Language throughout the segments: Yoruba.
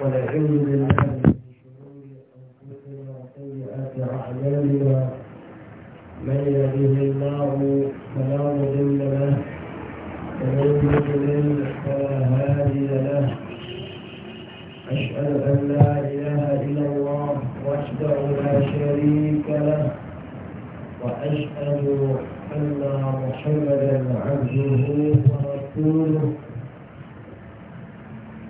ونعوذ بالله من شرور انفسنا وسيئات اعمالنا من يهده الله فلا مضل له ومن يضلل فلا هادي له اشهد ان لا اله الا الله وحده لا شريك له واشهد ان محمدا عبده ورسوله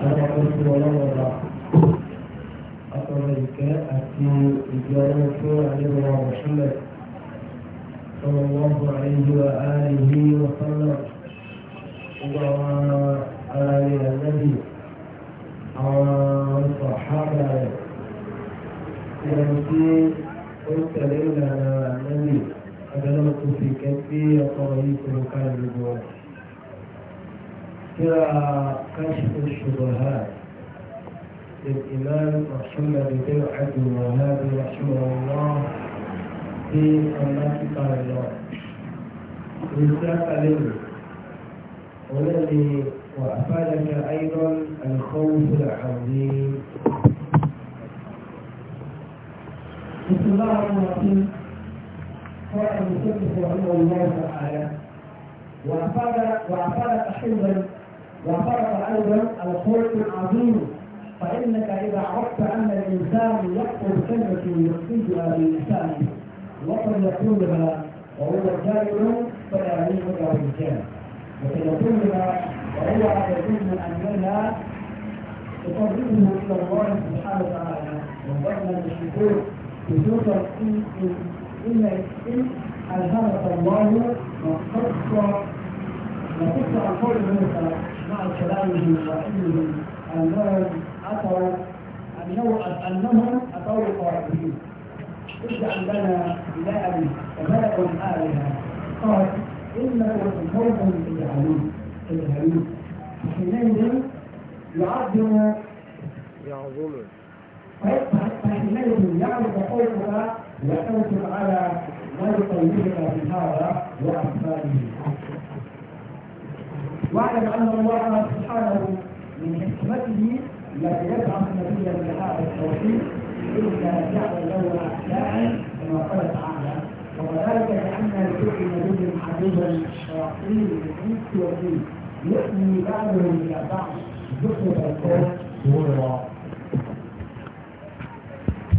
هذا قلت ولا ولا أطول الكاء في إجابة رسول الله محمد صلى الله عليه وآله وسلم وعلى آل النبي وعلى الصحابة يمشي يعني قلت لنا النبي أدلمت في كفي وطريق كان بجواري إلى كشف الشبهات للإمام محمد بن عبد الوهاب رحمه الله في صلاة الله رسالة له والذي وأفادك أيضا الخوف العظيم بسم الله الرحمن الرحيم قال المسلم رحمه الله تعالى وأفاد وأفادك حلما وفرض أيضا الخلق العظيم فإنك إذا عرفت أن الإنسان يقتل كلمة يقصدها بلسانه وقد يقولها وهو جاهل فلا يملك له الجهل وقد يقولها وهو على من أننا تقربه إلى الله سبحانه وتعالى وبين بالشكور خصوصا إن إن إن ألهمك الله وقص وقص عن قول موسى مع كلامه وعلمه أنهم أتوا أنه أنهم أتوا القائلين اجعل لنا إلها فملك آلهة قال إنكم قوم تجهلون تجهلون فحينئذ يعظم يعظم فحينئذ يعرف قومك ويعتمد على ما يطيبك في هذا وأمثاله واعلم أن الله سبحانه من حكمته لا يبعث النبي بهذا التوحيد إلا جعل له أعداء كما قال تعالى وكذلك جعلنا لكل نبي عدوا شياطين الإنس والجن يحمي بعضهم إلى بعض زخرف القول الله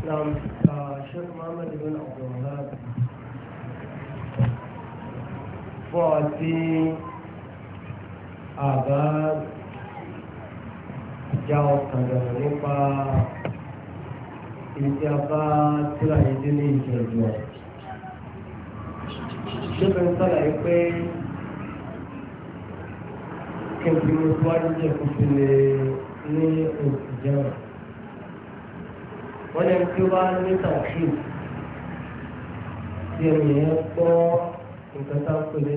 نعم الشيخ آه، محمد بن عبد الوهاب fún Agar já ọkàn dànù nípa ìdí abá tíra ìdí Jangan salah Ṣébẹ̀ ń sàlàyé pé kẹ̀kẹ́ mo tó wájú jẹ́ kókó lè ní òkú jẹun. Wọ́n lè tí ó bá ní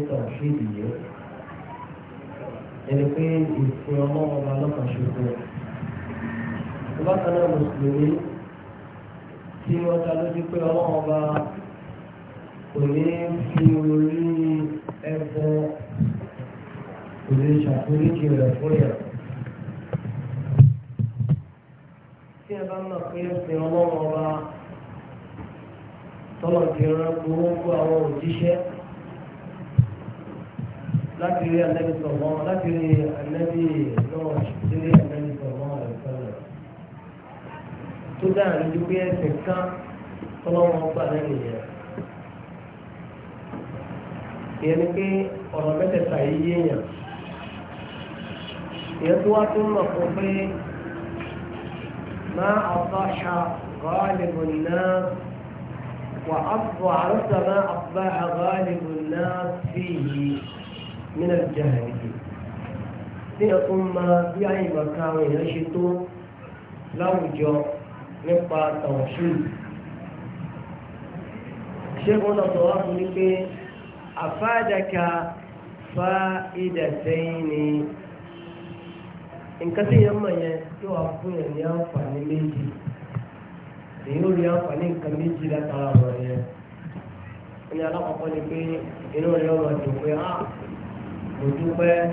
tàkì ẹni pé ìsìn ọlọ́run ọba lọ́kàn ṣoṣo rẹ̀. Ìbákan náà Mùsùlùmí tí wọ́n dá lójú pé ọlọ́run ọba kò ní fi orí ẹ̀fọ́ kò lè ṣàforíjì rẹ̀ fún yàrá. tí ẹ bá mọ̀ pé ẹsìn ọlọ́run ọba tọ́lọ̀ ti rán gbogbo àwọn òjíṣẹ́ láti rí ànábì sọ̀mọ́ láti rí ànábì náà sí rí ànábì sọ̀mọ́ rẹ̀ sọ̀rọ̀ tó dáhà lójú pé ẹsẹ̀ kan ọlọ́wọ́ gbà lẹ́nu yẹn ìyẹn ni pé ọ̀rọ̀ mẹ́tẹ̀ẹ̀ta yìí yéèyàn ìyẹn tó wá tó ń mọ̀ fún pé máa àbáṣà غالب الناس وأصبح عرفت ما أصبح غالب الناس فيه nínú ìjà ìdí tí ẹ tún máa bí àyè màkà àwọn èèyàn ṣe tó láwùjọ nípa tàwọ̀ṣù ṣégun náà sọ wá fún mi pé àfáàdàkà fa ìdàtẹ́yìn ni nǹkan tí yẹn mọ̀ yẹn tí wàá fún yẹn ní àǹfààní méjì èyí ò rí àǹfààní nǹkan méjì látara ọ̀rọ̀ yẹn. ó ní alákọ̀ọ́kọ́ ni pé inú rẹ̀ ọ̀rọ̀ dùn pé mo dúpẹ́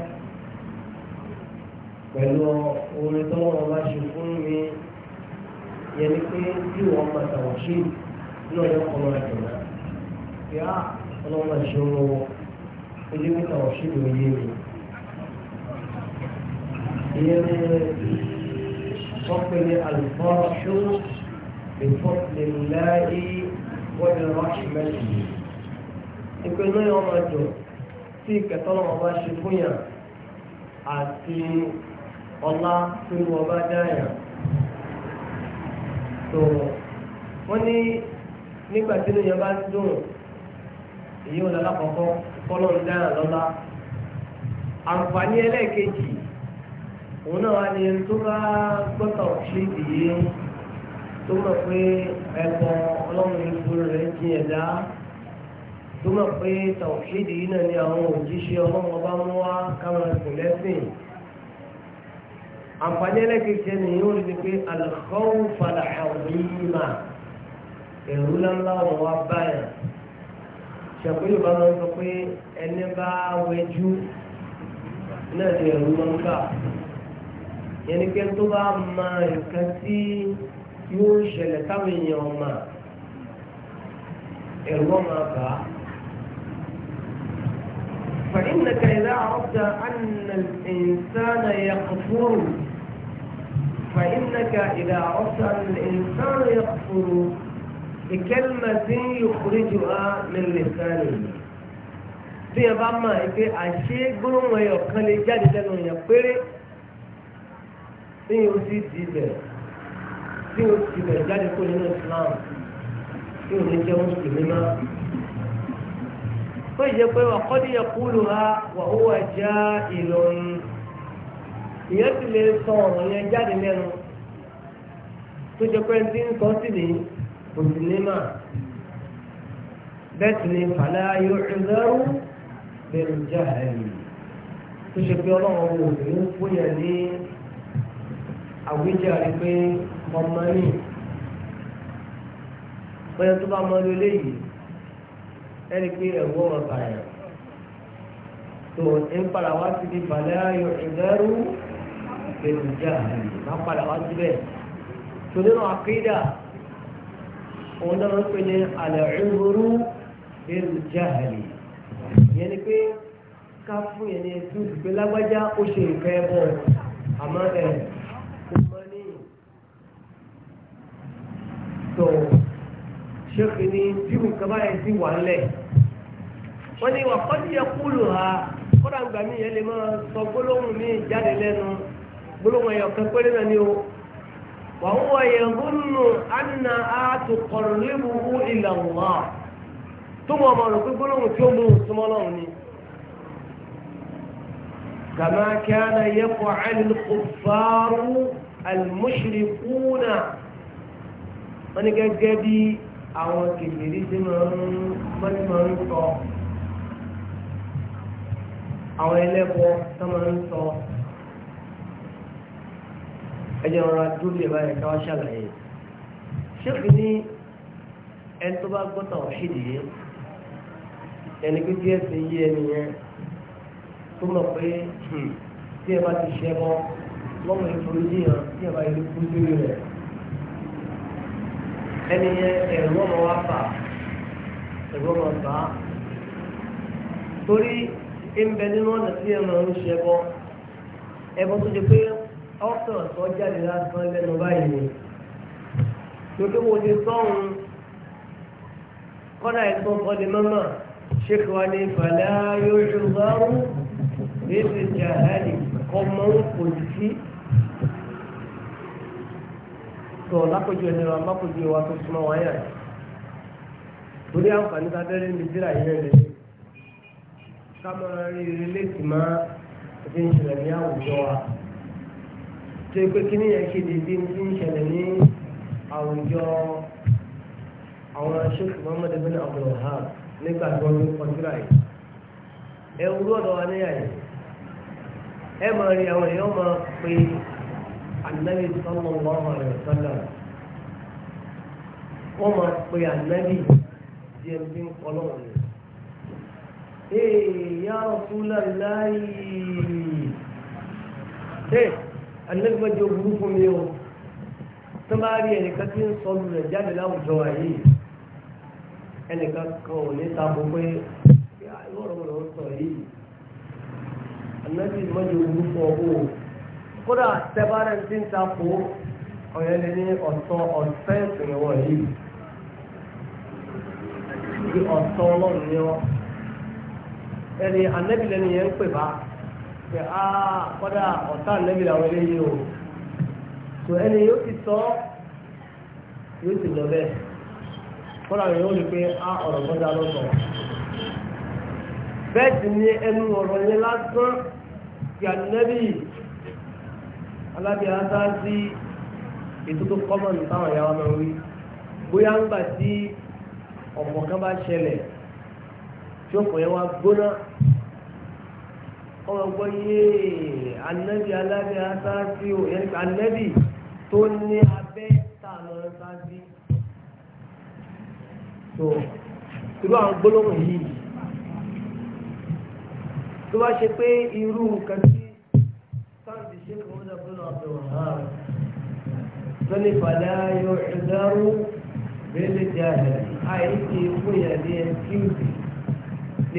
pẹ̀lú orin tó wọ́n bá ṣe fún mi yẹn ni pé bí wọ́n máa tàwọn ṣe náà yóò kọ́ máa dùn náà á ọlọ́run máa ṣe owó ojú mi tàwọn ṣe ló yé mi. ìyẹn ni wọ́n àlùfọ́ ṣó ìfọ́pìlẹ̀ láì wọ́n ní rọ́ọ̀ṣì mẹ́tì. ìpinnu yẹn wọ́n máa dùn sí ìkẹtọ́lọ́ wọn bá ṣe fún yàn àti ọlá tí wọn bá dá yàn. tó wọ́n ní nígbà tí lóyún bá dùn èyí wọn lọ́la kọ̀ọ̀kan kọ́lọ́ ń dá yàn lọ́la. àǹfààní ẹlẹ́ẹ̀kejì òun náà wá ní tó bá gbọ́tọ̀ ṣe ìdíyé tó mọ̀ pé ẹ̀kọ́ ọlọ́run ìfúru rẹ̀ jìn ẹ̀dá tó mọ̀ pé tàwọ̀ṣídì yìí náà ni àwọn òjíṣẹ́ ọlọ́run ọba mú wá káwọn ẹ̀sìn lẹ́sìn àǹfààní ẹlẹ́kẹ̀kẹ́ ni yóò rí pé alùpàwọ̀ padà àwòyíma ẹ̀rú ńláńlá ọ̀rọ̀ wa báyà ṣàpèjì bá wọn sọ pé ẹni bá wẹjú náà ni ẹ̀rú máa ń bà tó bá ma nǹkan tí yóò ṣẹlẹ̀ táwọn èèyàn mà ẹ̀rú wọn máa bà á. فإنك إذا عرفت أن الإنسان يقفر فإنك إذا عرفت أن الإنسان يقفر بكلمة يخرجها من لسانه في بعض ما يقول أشيء قلوم ويقل جاد جنون يقل في يوسي جيبه في يوسي جيبه جاد كل الإسلام في يوسي جيبه tó ìjẹ́ pé wà kọ́ níyà kúlù ha wà ó wà já ìlọrin ìyẹn ti lè sọ ọ̀rọ̀ yẹn jáde lẹ́nu tó jẹ́ pé ti ń sọ sí ni kò ní mà bẹ́ẹ̀ sì ni fàlẹ́ ayọ̀ ẹ̀dẹ́rú bẹ̀rù já ẹ̀yìn tó ṣe pé ọlọ́run wò ní fúyẹ̀ ní àwíjàre pé ọmọ ní bóyá tó bá mọ lóléyìí ẹni pé ẹ̀wọ́ ọ̀tà ẹ̀ tó ń padà wá síbi balẹ̀ ayọ̀ ìdẹ́rù ìgbẹ́nujà máa padà wá síbẹ̀ tó nínú àkídà òun náà ń pè ní alẹ́ ìhòrò ìgbẹ́nujà yẹn ni pé ká fún yẹn ní ẹtú ìgbé lágbájá ó ṣe ìfẹ́ bọ̀ àmọ́ ẹ̀ kò mọ ní tó ṣé kìíní tí nǹkan báyẹn ti wà ń lẹ̀. wọ́n ní wà kọ́ni yẹ kúlù ha kọ́dà ń gbà mí yẹn lè máa sọ gbólóhùn mi jáde lẹ́nu gbólóhùn ẹ̀yọ̀ kan péré náà o. wà ń wọ yẹ̀húnnù àná àtùkọ̀rọ̀ lébuhu ìlànà tó mọ̀ ọmọ rẹ̀ gbólóhùn mú ni. kàmá kí á na yẹ kọ́ àlùl kùfàrù àlùmùsìrìkúnà wọ́n ní gẹ́gẹ́ bí àwọn kìfìrí máa ń àwọn ẹlẹ́bọ tó máa ń sọ ẹjẹ́ ọ̀rọ̀ adúlé báyìí káwá ṣàlàyé ṣéèkì ní ẹni tó bá gbọ́tà ọ̀ṣìdì yìí ẹni pé díẹ̀ sí yí ẹni yẹn tó mọ̀ pé hmm, tí ẹ bá ti ṣẹ́ bọ́ lọ́mọ ìforíjì hàn tí ẹ bá yẹ kú sílé rẹ̀ ẹni yẹn ẹ̀rọ ọmọ wa fà ẹ̀rọ ọmọ bá torí ń bẹ nínú ọ̀nà tí ẹ̀rọ ń ṣe bọ́ ẹ̀bọ tó ṣe pé ọ̀sán ọ̀sán jáde lásán lẹ́nu báyìí ni lókè wo ti sọ́hun kọ́dà ìtàn kọ́ni mọ́mọ́ ṣéèkì wa ní ìfàlẹ́ yóò ṣe gbárù ètò ìjà àdáyé ọmọ òkò sí sọ lápòjú ẹni lọ lápòjú ìwà tó súnmọ́ wáyà torí àǹfààní tá a bẹ́rẹ̀ ní ká máa rí relé tì má ti ń ṣẹlẹ̀ ní àwùjọ wa tó pé kí nìyẹn ṣe lè bí ti ń ṣẹlẹ̀ ní àwùjọ àwọn aṣèkù Muhammad bin Abdulwahab nígbà tí wọ́n ń kọjúra yìí ẹ wúlò ọ̀dọ̀ wa níyà yìí ẹ máa rí àwọn èèyàn máa pe anabi sallallahu alaihi wasallam wọ́n máa pe anabi díẹ̀ bí ń kọ́ lọ́wọ́ hey ya rasulallahi hey annabi ma jẹ́ òwúrú fún mi o tó bá rí ẹnìkan tí ń sọ lulẹ̀ jáde láwùjọ wa yìí ẹnìkan kan ò ní ta bó pé ìwọ̀rọ̀ wọn lọ sọ yìí annabi ma jẹ́ òwúrú fún ọ o kódà tẹ́bárẹ̀ ti ń ta kó ní ọ̀tọ̀ ọ̀tẹ́ ẹni anabi ni yẹn ń pè bá pé a kọ́dà ọ̀tá anabi làwọn eléyìí o tó ẹni yóò ti sọ yóò ti lọ bẹ́ẹ̀ kọ́dà yẹn lè pé ni ẹnu ọ̀rọ̀ yẹn lásán ti anabi alábi asáàsì ètò tó kọ́mọ̀ nípa àwọn ìyá wa máa ń bóyá ń gbà ọ̀pọ̀ kan bá ṣẹlẹ̀. tí ọkọ̀ yẹn wá gbóná ọmọ gbọ́ yéé anabi alábẹ́ asáàsì o yẹn ní anabi tó ní abẹ́ tá a lọ sáàsì. tó irú àwọn gbólóhùn yìí tó bá ṣe pé irú nǹkan tí sáàsì ṣe kò wọ́n dàbí lọ́wọ́ àbẹ̀wò hàn sọ́ni fàlẹ́ ayọ̀ ẹ̀dáró bẹ́ẹ̀ lè jẹ́ àyè àìsí fún ìyàlẹ́ ẹ̀ kíùsì.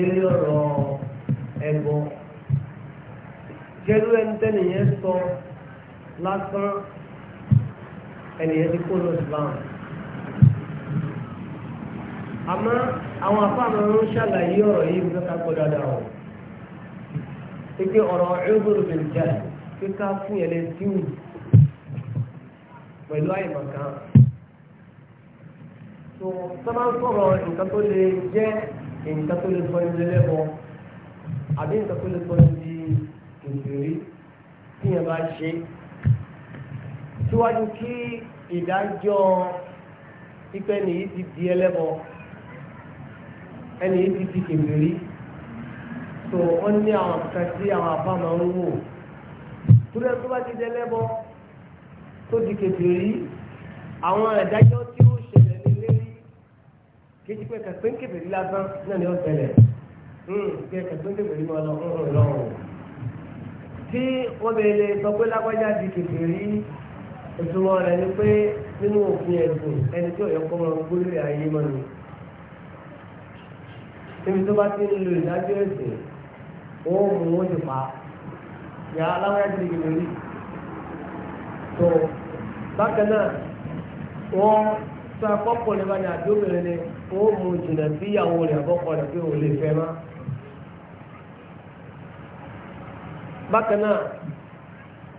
lórí ọ̀rọ̀ ẹ̀bọ jẹ́rú ẹni tẹ́nìyẹn sọ lásán Islam àmọ́ àwọn A ń ṣàlàyé ọ̀rọ̀ yìí fún ká gbọ́ dáadáa o pé ọ̀rọ̀ ẹ̀rọ bẹ̀rẹ̀ jẹ́ pé ká fún yẹn lè díwù pẹ̀lú àyèmọ̀kan tó sábà nǹkan tó lè sọ ilé lẹ́bọ àbí nǹkan tó lè sọ ibi ìbìrí tí yẹn bá ṣe síwájú kí ìdájọ́ pípẹ́ nìyí ti di ẹlẹ́bọ ẹni yìí ti di kèbìrí tó wọ́n ní àwọn kan tí àwọn àbá máa ń wò tó lẹ́nu tó bá ti di ẹlẹ́bọ tó di kèbìrí àwọn ìdájọ́ kéjì pé kẹ̀kẹ́ ń kébèrè lásán náà ni ó tẹ̀lẹ̀ hmm, kí kẹ̀kẹ́ ń kébèrè mọ́ lọ ń rìn lọ́wọ́ tí wọ́n bẹ lè sọ pé lágbájá di kèfèrí ìtumọ̀ rẹ̀ ni pé nínú òfin ẹ̀sìn ẹni tí ọ̀yọ́ kọ́ wọn gbólórí ayé mọ́ ni níbi tó bá ti ń lo ìdájọ́ ẹ̀sìn wọ́n mú wọn ti pa yà lágbájá di kèfèrí tó bákan náà wọ́n sọ akọ́kọ̀ọ́ nípa ní àdóbìnrin ni wọ́n mú jìnnà sí ìyàwó rẹ̀ àbọ́kọ rẹ̀ pé ò lè fẹ́ má. bákan náà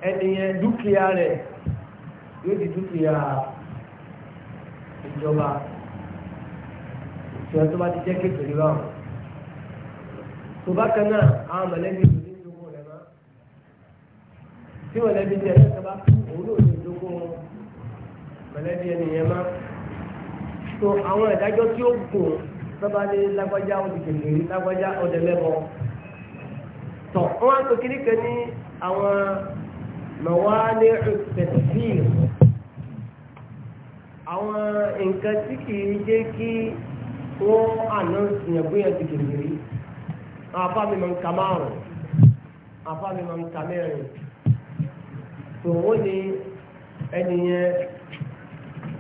ẹnìyẹn dúkìá rẹ̀ yóò di dúkìá ìjọba ìṣòro tó bá ti jẹ́ kékeré báwọn. tó bákan náà àwọn mọ̀lẹ́bí kò ní ìdókòwò rẹ̀ má. tí mọ̀lẹ́bí jẹ́ ẹ̀ka bá kú òun náà ní ìdókòwò mọ̀lẹ́bí ẹnìyẹn má so àwọn ìdájọ́ tí ó gùn sábà ní lágbájá ọdún kìlì lágbájá ọdẹ lẹ́bọ tọ̀ wọ́n á sọ kiri kan ní àwọn mọ̀wálé tẹ̀síìr àwọn nǹkan tí kìí jẹ́ kí wọ́n àná ìyàgbéyàn ti kìlì rí àwọn afá mi máa ń márùn-ún mi máa ń mẹ́rin tòun ó ní ẹnìyẹn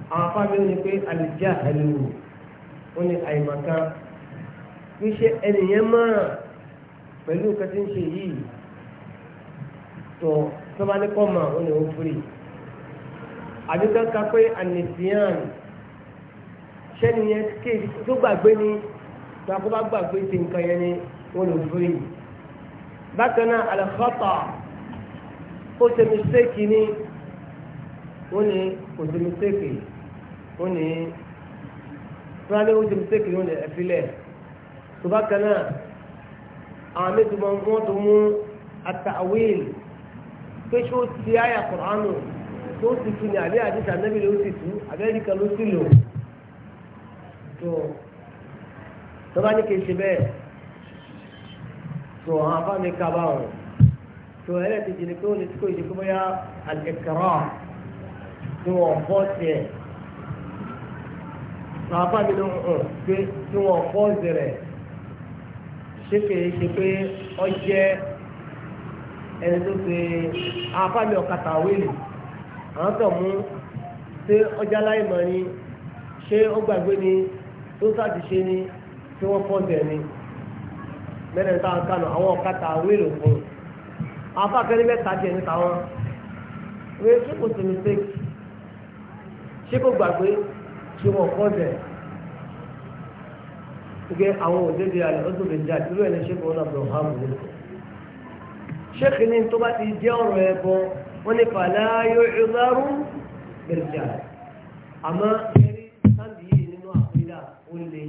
àwọn afábíyàn ni pé àlìjá ẹlẹ́wò ó ní àìmọ̀kan kí ṣe ẹnìyẹn máa pẹ̀lú nǹkan tí ń ṣe yìí tó sọ́ba ní kọ́ máa ó ní ó fúri àdúgbò ká pé ànìsíyàn sẹ́niyẹn kéèdì tó gbàgbé ni gbàgbọ́ bá gbàgbé ti nǹkan yẹn ni wọ́n lò fúri bákan náà àlẹ́kọ́tà ó ṣe mistake ni wọ́n ní kò ṣe mistake yìí ó ní fúnadé ó ti mistake ní ọ̀nà ẹ̀fílẹ̀ tó bá kan náà àwọn méjì máa ń wọ́n tó mú atawil pé ṣé ó ti àyà kọ̀ránù tó ti tu ní àbí àdìsá nẹ́bí ló ti tu àbẹ́ríkà ló ti lò tó tó ní kì í ṣe bẹ́ẹ̀ tó àwọn afáàmì kábàáwọn tó ẹlẹ́tìjì ni ó lè tí kò bóyá àlẹ́kẹ̀rọ̀ tí wọ́n fọ́ tiẹ̀ sàbá mi ló ń hàn pé tí wọ́n kọ́ zẹ̀rẹ̀ ṣé kìí ṣe pé ọ jẹ́ ẹni tó ṣe àbá mi ọ̀kadà wíìlì àwọn tó mú ṣé ọjà láì mọ̀ ni ṣé ó gbàgbé ni tó sáàtì ṣe ni tí wọ́n kọ́ zẹ̀ ni mẹ́rin táwọn kánò àwọn ọ̀kadà wíìlì fún un àwọn akẹ́lẹ́ mẹ́ta jẹ́ níta wọn kò sí mistake ṣé kò gbàgbé tí wọ́n kọ́ bẹ̀. Gbé àwọn òdèdè àlẹ́ ọdún lè jà dúró ẹni ṣé kò ń lọ́bọ̀ hàn mí. Ṣé kìíní tó bá ti jẹ́ ọ̀rọ̀ ẹbọ wọ́n ní fàlẹ́ ayọ̀ ìgbàrú gbèrèjà. Àmọ́ ẹni sáǹdì yìí nínú àkúrẹ́dà ó lè.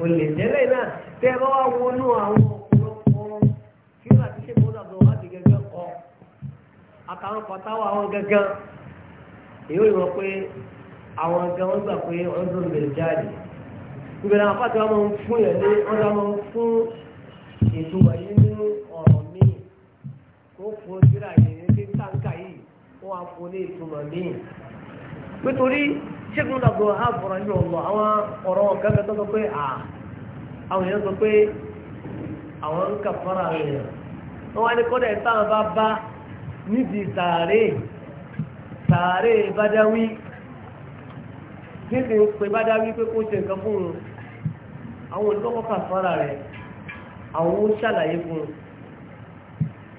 Ó lè jẹ́lẹ̀ náà tẹ́ ẹ bá wá wọnú àwọn ọ̀pọ̀lọpọ̀ kí wọ́n àti ṣé kò Àtàwọn pàtàwọ̀ àwọn gẹ́gẹ́ èyí ò àwọn gan wọn gbà pé wọn dúró lè jáde ìbẹ̀rẹ̀ àpáta wọn máa ń fún yẹn lé wọn dá máa ń fún ètò wáyé ní ọ̀rọ̀ míì kó fún síra yìí ní táǹkà yìí wọn á fún ní ìtumọ̀ míì nítorí ṣẹ́gun làgbo àbọ̀rọ̀ yìí ọ̀gbọ̀n àwọn ọ̀rọ̀ ọ̀gẹ́gẹ́ tó sọ pé à àwọn èèyàn sọ pé àwọn ń wá ní débi ń pe bádá wípé kó ṣe nǹkan fún un àwọn olùkọ́kọ́ kà fọ́nra rẹ̀ àwọn ó ṣàlàyé fún un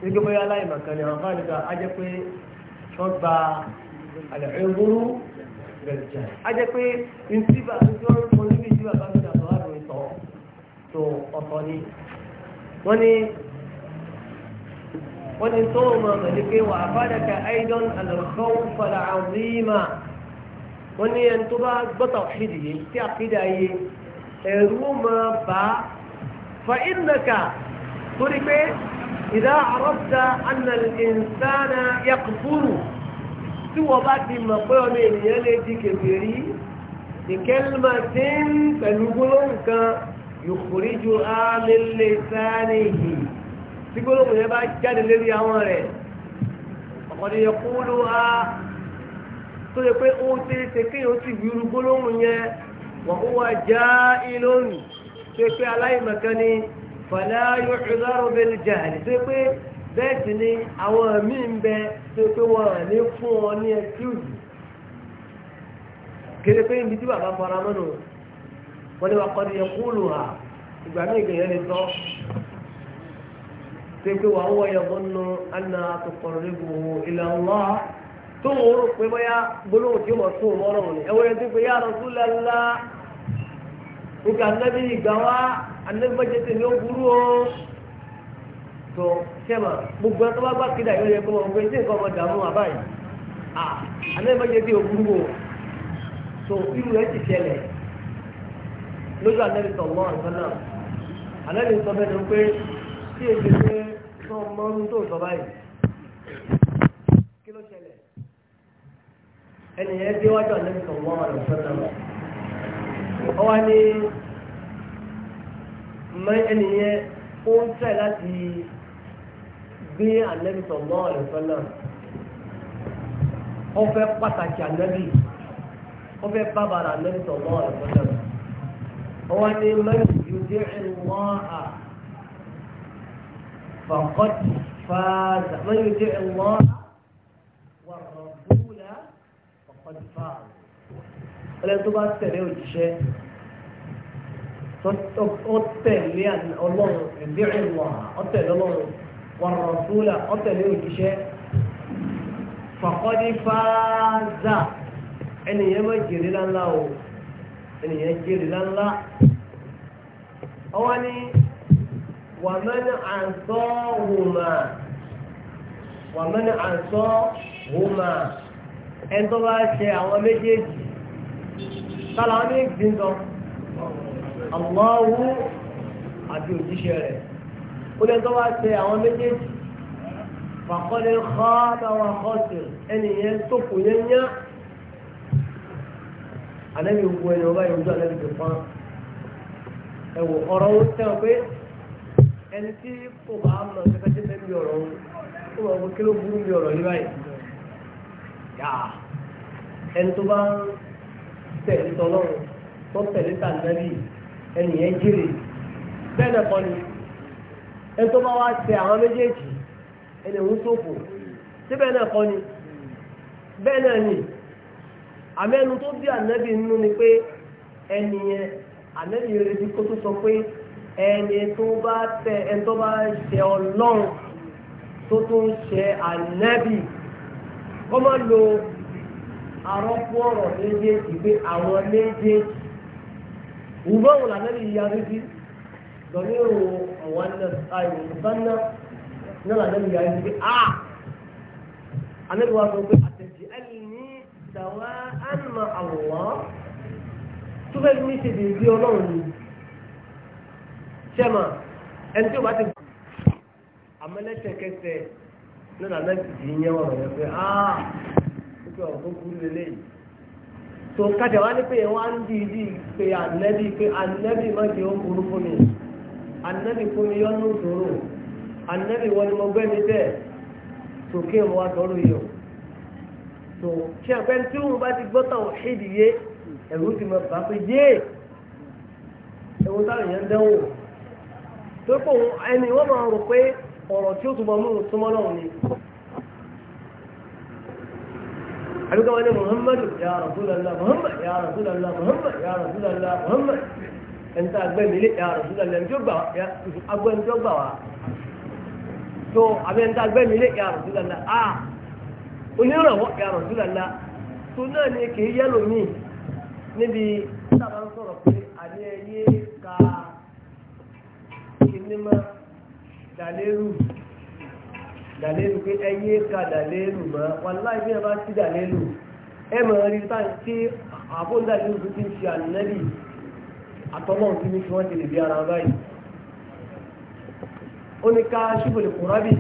gbígbé bóyá aláìmọ̀kan ni àwọn bá nígbà á jẹ́ pé wọ́n gba àlẹ́ ẹ̀rú bẹ̀rẹ̀ jẹ́ pé ntí bá ntí wọ́n mọ níbi ìdí bàbá mi dàtọ̀ wá lórí tó ọ̀tọ̀ ni wọ́n ní wọ́n ní tó mọ̀ pé wà á bá dàkà aidan al-khawf al wọ́n ní ẹni tó bá gbọ́tà òṣèlú yìí tí àkídà yìí ẹ̀rú máa bá fa ìnàkà torí pé ìdá àrọ́ta ànàlìǹsánà yàkùfúrù tí wọ́n bá ti mọ̀ pé ọmọ ènìyàn lè di kèbèrè ìkẹ́lùmá tí ń pẹ̀lú gbólóhùn kan ju ámìlẹ̀ sáni yìí tí gbólóhùn yẹn bá jáde lérí àwọn rẹ̀ ọ̀pọ̀lọpọ̀ yẹ kúlù á. tó yẹ pé ó ṣeéṣe kéèyàn ó sì wíru gbólóhùn yẹn wọ́n ó já tó yẹ pé aláìmọ̀kan ni fàlà yóò ṣùgbọ́n bẹ́ẹ̀ jà ní tó yẹ pé bẹ́ẹ̀ sì ni àwọn míì ń bẹ tó yẹ pé wọ́n ní fún ọ ní kéde pé ibi tí bàbá fara mọ́nu wọ́n ní wàá kọ́ ni ẹkúlù hà ìgbà náà ìgbìyànjú lè tọ́ tó yẹ pé wàá tó ń rò pé bóyá gbólóhùn tí ó mọ̀ fún ọmọ ọ̀rọ̀ ni ẹ̀wọ̀n yẹn tó pé yá Rasulullah nígbà anábì ìgbà wá anábì mọ́jẹ́ tèmi ó burú o tó sẹ́mà gbogbo ẹ̀tọ́ bá gbà kídà yóò yẹ kó wọn pé sí nǹkan ọmọ dààmú àbáyé à anábì mọ́jẹ́ tèmi ó burú o tó irú ẹ̀ ti ṣẹlẹ̀ lójú anábì sọ̀rọ̀ àgbọ̀nà anábì sọ bẹ́ẹ̀ ni pé tí èdè pé sọ mọ́ ń tó sọ báyìí ẹni yẹn dé wájú àlẹ́ sọ wọ́n wà lọ́sọ̀tàn ọ wá ní mọ ẹni yẹn ó ń tẹ̀ láti gbé àlẹ́ sọ wọ́n wà lọ́sọ̀tàn ọ fẹ́ pàtàkì ànábì fẹ́ àlẹ́ wọ́n wà ọ wá ní mọ ẹlẹ́ tó bá tẹ̀lé òjíṣẹ́ ó tẹ̀lé ọlọ́run ẹ̀dẹ́ ìwà ó tẹ̀lé ọlọ́run wàrọ̀súlà ó tẹ̀lé òjíṣẹ́ fàkọ́dí fáázà ẹnìyẹn má jèrè lánlá o ẹnìyẹn jèrè lánlá ọwọ́ ni wàmẹ́ni àǹtọ́ wùmà wàmẹ́ni àǹtọ́ wùmà ẹni tó bá ṣe àwọn méjèèjì sálà wọn ní ìdíńdọ àmọ́wú àti òjíṣẹ́ rẹ̀ ó lẹ́ni tó bá ṣe àwọn méjèèjì fàkọ́lẹ̀ kọ́ àtàwọn àkọ́sì ẹni yẹn tó kù yẹn yá àlẹ́bí gbogbo ẹni ọba yóò dún tó pọ́n ẹ̀wọ̀ ọ̀rọ̀ ń tẹ́ pé ẹni tí kò bá mọ̀ kẹ́kẹ́ tí bí ọ̀rọ̀ ń kó kí ló burú bí ọ̀rọ̀ yìí báyìí yàá ẹni tó bá ń tẹ̀lé tọ́lọ́run tó tẹ̀lé tàǹdẹ́lì ẹni yẹn jèrè bẹ́ẹ̀ náà ni ẹni tó bá wá tẹ àwọn méjèèjì ẹni òun ṣòfò síbẹ̀ náà ni bẹ́ẹ̀ náà ni àmẹ́nu tó bí ànábì nínú ni pé ẹni yẹn ànábì retí kó tó sọ pé ẹni tó bá tẹ ẹni tó bá ṣe ọlọ́run tó tún ṣe ànábì kọ́ máa lo àrọ́pọ̀ ọ̀rọ̀ méjèèjì pé àwọn méjèèjì wùbọ́wò làbẹ́lì yarí sí lọ́ní ìrò ọ̀wá àìwò sánná náà làbẹ́lì yarí sí pé a àmẹ́lùwà sọ pé àtẹ̀jì ẹ̀lì ní ìdàwà àmà àwòrán tó fẹ́ ní ṣe dèbí ọlọ́run ni ṣẹ́mà ẹni tí ó bá ti gbà àmẹ́lẹ́sẹ̀kẹsẹ̀ lọ́nà anábìtì yẹn ọ̀rọ̀ yẹn pé ya ah, ó ọ̀rọ̀ tó ọkụkọ lélẹ́yìí tó kájà wá ní pé yẹn wá ń di ìdí pé ànẹ́bí pé ànẹ́bí má jẹ́ ó burú fún mi ànẹ́bí fún mi yọ́nú ìṣòro ànẹ́bí wọn ni mo gbé mi bẹ́ẹ̀ tó kí o tó tí bá ti gbọ́tàn ṣéèdì yé ẹ̀rù ti mọ̀ bá yé táwọn èèyàn ọ̀rọ̀ tí ó túbọ̀ mú súnmọ́ náà ni àbíkọ́ wọn ni muhammadu ya rasulallah muhammad ya rasulallah muhammad ya rasulallah muhammad ẹni tá ya rasulallah ẹni tí ó gbà wá agbẹ́mi tí ó gbà wá tó àbí ẹni tá agbẹ́mi ya rasulallah a onírànwọ́ ya rasulallah tó náà ni kì í yẹ́lò mí níbi sábà ń sọ̀rọ̀ pé dàlérù dàlérù pé ẹyẹ ka dàlérù mọ́ wọn láì na ẹ dàlérù ẹ mọ̀ rí táyì tí àbóńdàlérù tó ti ń ṣe ànẹ́lì àtọ́mọ̀ tí ní fi wọ́n ti lè bí ara báyìí ó ní ká ṣíbòlè kùrábì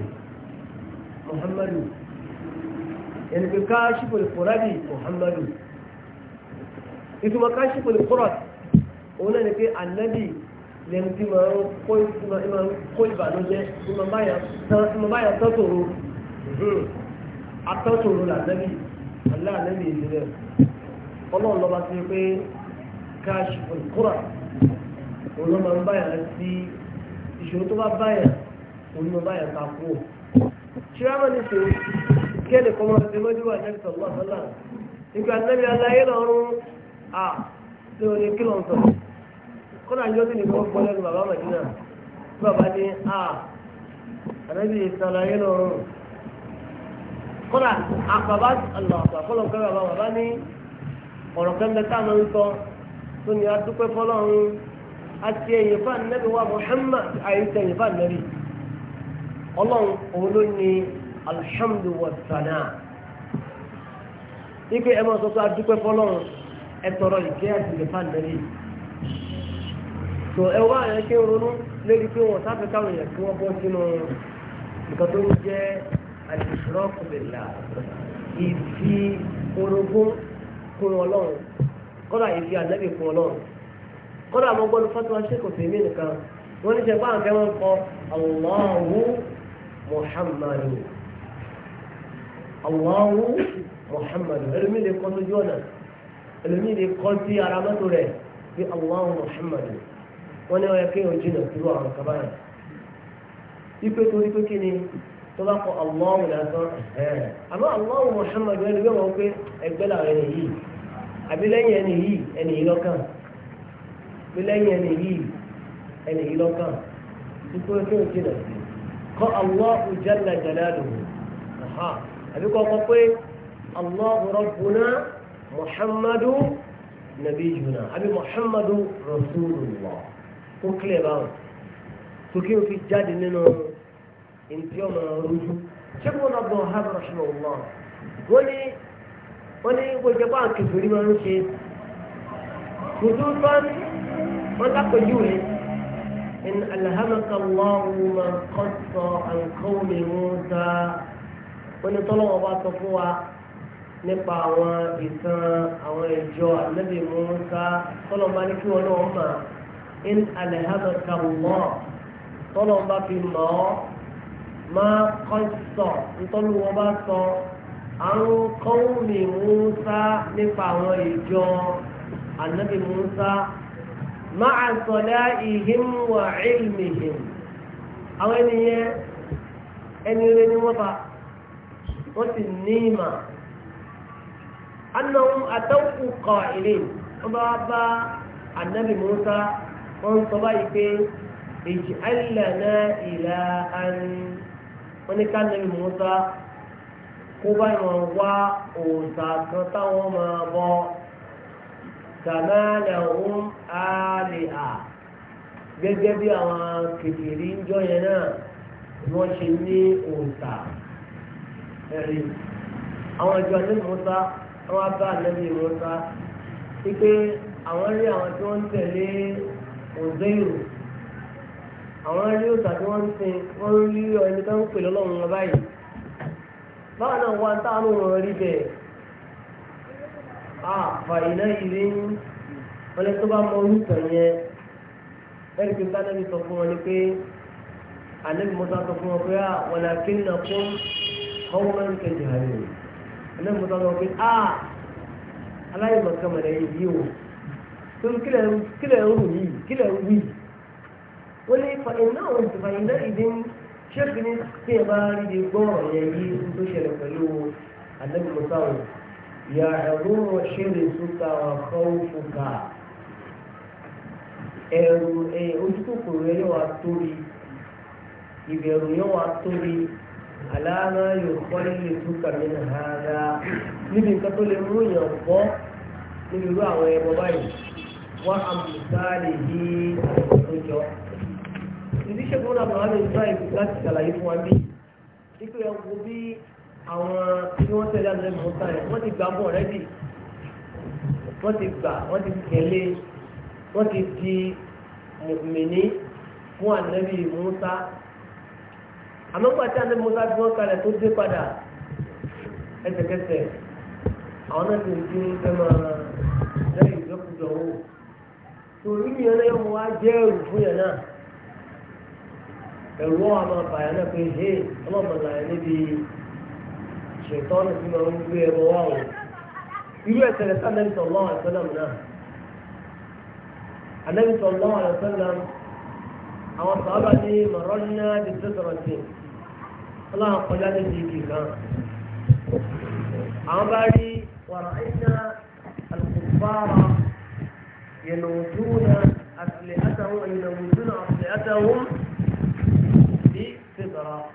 muhammadu ẹni pé ká ṣíbòlè kùrábì muhammadu ìtumọ̀ ká ṣíbòlè kùrọ̀ òun lẹ́nu tí mo ń kó ìmọ̀ ìmọ̀ ń kó ìbànújẹ́ ìmọ̀ báyà tán ìmọ̀ báyà tán tòrò hmm. atán tòrò lànàbì aláàlẹ́bì ìlúrẹ̀ ọlọ́run lọ́ba ti pé káàṣì olùkúrà ta kú ò. ṣíráàmù ní sè kí ẹnì kan máa kọ́nà ìjọ tí nìkan gbọ́ lẹ́nu bàbá màdínà tí bàbá ní a ànábì ìsàlàyé lọ́rùn kọ́nà àbàbá àlọ́ọ̀bà kọ́nà kẹ́rẹ́ bàbá bàbá ní ọ̀rọ̀ kẹ́mẹ́ táwọn ń sọ tó ní adúpẹ́ fọlọ́run àti ẹ̀yìn fún ànábì wa Muhammad àyíṣẹ́ ẹ̀yìn fún ànábì ọlọ́run òun ló ní alhamdu wa sana ipe ẹ máa sọ pé adúpẹ́ fọlọ́run ẹ tọrọ ìkẹ́ àti ìlẹ̀fà ànábì so ẹ wá àyàn ṣe ń ronú lórí pé wọn sáfẹ́ káwọn èèyàn kí wọ́n bọ́ sínú nǹkan tó ń jẹ́ àdìsírọ́kùnbẹ̀là ìfi orogún kún ọlọ́run kọ́dà ìfi ànábì kún ọlọ́run kọ́dà àwọn gbọ́dọ̀ fatuwa ṣèkò tèmi nìkan wọ́n ní ṣe bá àǹkẹ́ wọn kọ Allahu Muhammadu Allahu Muhammadu ẹlòmí lè kọ́ lójú ọ̀nà ẹlòmí lè kọ́ sí ara rẹ̀ bí Allahu Muhammadu wọ́n ní ọyọ kéèyàn jìnnà kúrò àwọn kan báyìí ipe torí pé kí ni tó bá kọ Allahu lásán àmọ́ Allahu Muhammad ẹni bí wọ́n pé ẹgbẹ́ làwọn ẹni yìí àbí lẹ́yìn ẹni yìí ẹni yìí lọ́kàn bí lẹ́yìn ẹni yìí ẹni yìí lọ́kàn ipe kéèyàn jìnnà sí kọ Allahu jalla jalaluhu àbí kọ́ kọ́ pé Allahu rabbuna Muhammadu nabiyuna àbí Muhammadu rasulullah ó kílẹ̀ báwọn tó kí o fi jáde nínú ìntí ọmọ rújú ṣé kí wọn bọ ọha bọrọ ṣe wọn wọn wọn ní wọn ní gbogbo ẹgbẹ́ àwọn kẹfìrí máa ń ṣe kùtù tán wọn lápẹjù rẹ in alhamaka allahu ma kọsọ ankawmi musa wọn ní tọ́lọ́wọ́ bá sọ fún wa nípa àwọn ìtàn àwọn ìjọ ànábì in alhamdulilayi mọ́ tọ́lọ̀ bá fi mọ́ ọ́ máa kọ́ sọ nítorí wọ́n bá sọ Musa nípa àwọn ìjọ Musa máa sọ̀dá ìhìm wà ìlmìhìm àwọn ènìyàn ẹni rẹ ni wọ́n bá wọ́n sì ní ìmà bá Musa wọ́n ń sọ báyìí pé èjì àìlànà ìlà àní wọ́n ní ká nàbì Mùsá kó báyìí wọ́n wá òòṣà kan táwọn máa bọ kàmá lẹ́hùn àlè à gẹ́gẹ́ bí àwọn kèfèrí ń jọ yẹn náà wọ́n ṣe ní òòṣà ẹ̀rí àwọn ìjọ ní Mùsá wọ́n bá nàbì Mùsá wípé àwọn rí àwọn tí wọ́n ń tẹ̀lé òzéyò àwọn rí òòtà tí wọ́n ń sin wọ́n rí ẹni tó ń pè lọ́lọ́run wọn báyìí báwọn náà wá táwọn òun rí bẹ́ẹ̀ àfà iná ìrí ń wọlé tó bá mọ orúkọ yẹn ẹni pé kánẹ́bí sọ fún wọn ni pé àlẹ́bí mọ́tà sọ fún wọn pé àwọn akínà fún ọwọ́ máa ń kẹjì àárẹ̀ àlẹ́bí mọ́tà sọ pé a aláìmọ̀kẹ́mọ̀lẹ́ yìí o tó kílẹ̀ ń rù yìí kílẹ̀ wí wọ́n lè fàyè náà wọ́n ti fàyè náà ìdí ṣẹ́ẹ̀kì ní tí ẹ bá rí i gbọ́ ọ̀yẹ́ yìí tó ṣẹlẹ̀ pẹ̀lú àdébùmọ́tà wọn ìyá ẹ̀rú wọn ṣe lè túta wọn kọ́ fúnka ẹ̀rù ojúkòkòrò ẹ̀yọ́ wa tóbi ìbẹ̀rù yẹn wa tóbi àlàáfíà yóò kọ́ lè túta mí nàá níbi nǹkan lè mú yàn bọ́ níbi irú àwọn ẹ̀rọ báyìí wọ́n àmùsáàlì yìí lójọ́. ìdí ṣe gbọ́dọ̀ àwọn àmì ìsáì láti ṣàlàyé fún wa bí ipò ẹ̀kọ́ bí àwọn tí wọ́n tẹ̀lé àmì ìmọ̀ọ́sá rẹ̀ wọ́n ti gbà bọ̀ rẹ́dì wọ́n ti gbà wọ́n ti tẹ̀lé wọ́n ti di mùmìnì fún ànábì Mùsá àmọ́ pàtẹ́ ànábì Mùsá bí wọ́n kalẹ̀ tó dé padà ẹsẹ̀kẹsẹ̀ àwọn náà ti ń dín fẹ́ máa lẹ́yìn ìjọkùjọ owó torí yẹn lè mú wa jẹ́ ẹrù fún yẹn náà ẹrù wọn àmọ́ àbàyà náà pé hé ọlọ́mọlá yẹn níbi ṣètọ́nù tí wọn ń gbé ẹbọ wà wọ irú ẹsẹ̀lẹ̀ sí anabi sọ̀rọ̀ lọ́wọ́ àlùsọ́làm náà anabi sọ̀rọ̀ lọ́wọ́ àlùsọ́làm àwọn sọ̀rọ̀ ní mọ̀rọ́nà ti tó sọ̀rọ̀ ọlọ́wọ́ kọjá ní ti igi kan àwọn bá rí wàrà ẹ̀ṣá alùpùpù ينوتون أسلحتهم أي ينوتون أسلحتهم بصبرة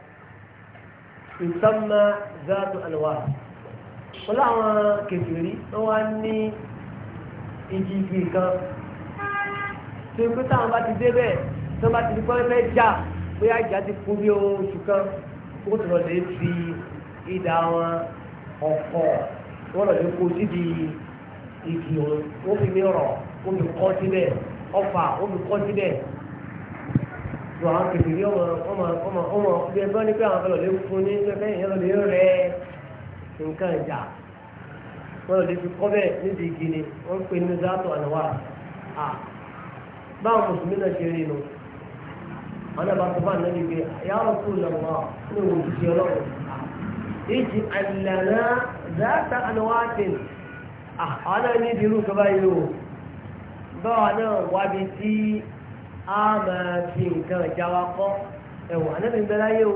يسمى ذات ألوان wọ́n láwọn kèfèrí wọ́n wá ní igi igi kan tó ikú táwọn bá ti dé bẹ́ẹ̀ tó bá ti di pọ́nlẹ́ jà bóyá ìjà ti kú bí oṣù kan ó tó lọ lè fi ìdá wọn ọ̀pọ̀ wọ́n lọ lè kó síbi igi òun ó fi mí rọ̀. omi kọ́ síbẹ̀ ọfà omi kọ́ síbẹ̀ tó ọmọ ọmọ ọmọ ọmọ bí ẹgbẹ́ pé àwọn lè fún ní nǹkan ìjà wọn fi kọ́ bẹ́ẹ̀ níbi igi ni wọ́n ní à báwọn mùsùlùmí náà ṣe rí wọn bá tó bá pé yàrá lọ́wọ́ ní òun ti ṣe ọlọ́run ìjì o. báwa náà wábi tí a máa fi nǹkan ìjà wa kọ́ ẹ̀wọ̀n ànábì ń láyé o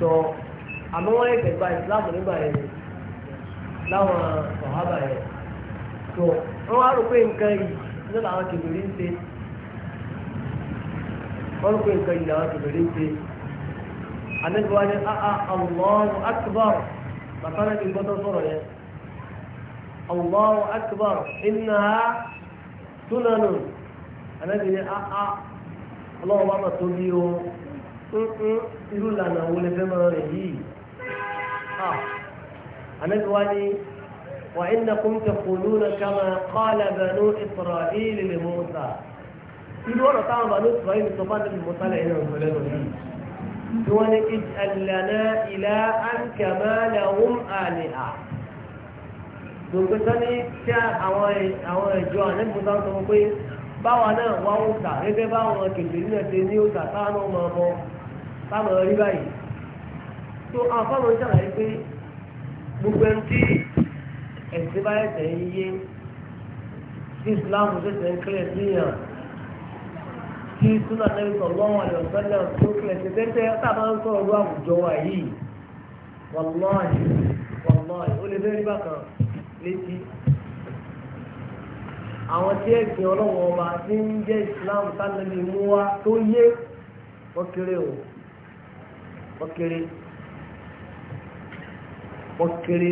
sọ àmọ́ wọ́n gba ìsìláàmù nígbà yẹn láwọn ọ̀hábà yẹn tó wọ́n wá rò pé nǹkan yìí ní làwọn kìlórí ń ṣe wọ́n rò pé nǹkan yìí làwọn kìlórí ń ṣe wá ah, ah, ní náà ti gbọ́dọ̀ sọ̀rọ̀ yẹn. الله أكبر إنها سنن أنا الذي أأ الله ما تبيه يقول لنا ولفما رهي آه أنا قواني وإنكم تقولون كما قال بنو إسرائيل لموسى إذا أنا طعم بنو إسرائيل صفات المطالع هنا من دون اجعل لنا إلها كما لهم آلهة gbogbo tó ní tí àwọn ìjọ àlẹ́mùsá sọ pé báwa náà wá òòsà gẹ́gẹ́ báwọn kèké nílẹ̀ ṣe ní òòsà táwọn ọmọ ọmọ táwọn rí báyìí tó àwọn fáwọn ṣàlàyé pé gbogbo ẹni tí ẹ̀sìn bá ẹ̀sẹ̀ ń yé Islam ṣẹ̀ṣẹ̀ ń kílẹ̀ sí yàn kí súnà lẹ́yìn sọ̀lọ́wọ́ àlọ́sọ́lẹ̀ tó kílẹ̀ sí tẹ́tẹ́ tábà ń sọ̀rọ̀ àwùjọ wa yìí wàlọ́ọ̀yì ó létí àwọn tí ẹ̀sìn ọlọ́wọ́ ọba tí ń jẹ́ Islam sálẹ́lì mú wa tó yé wọ́n kéré o wọ́n kéré wọ́n kéré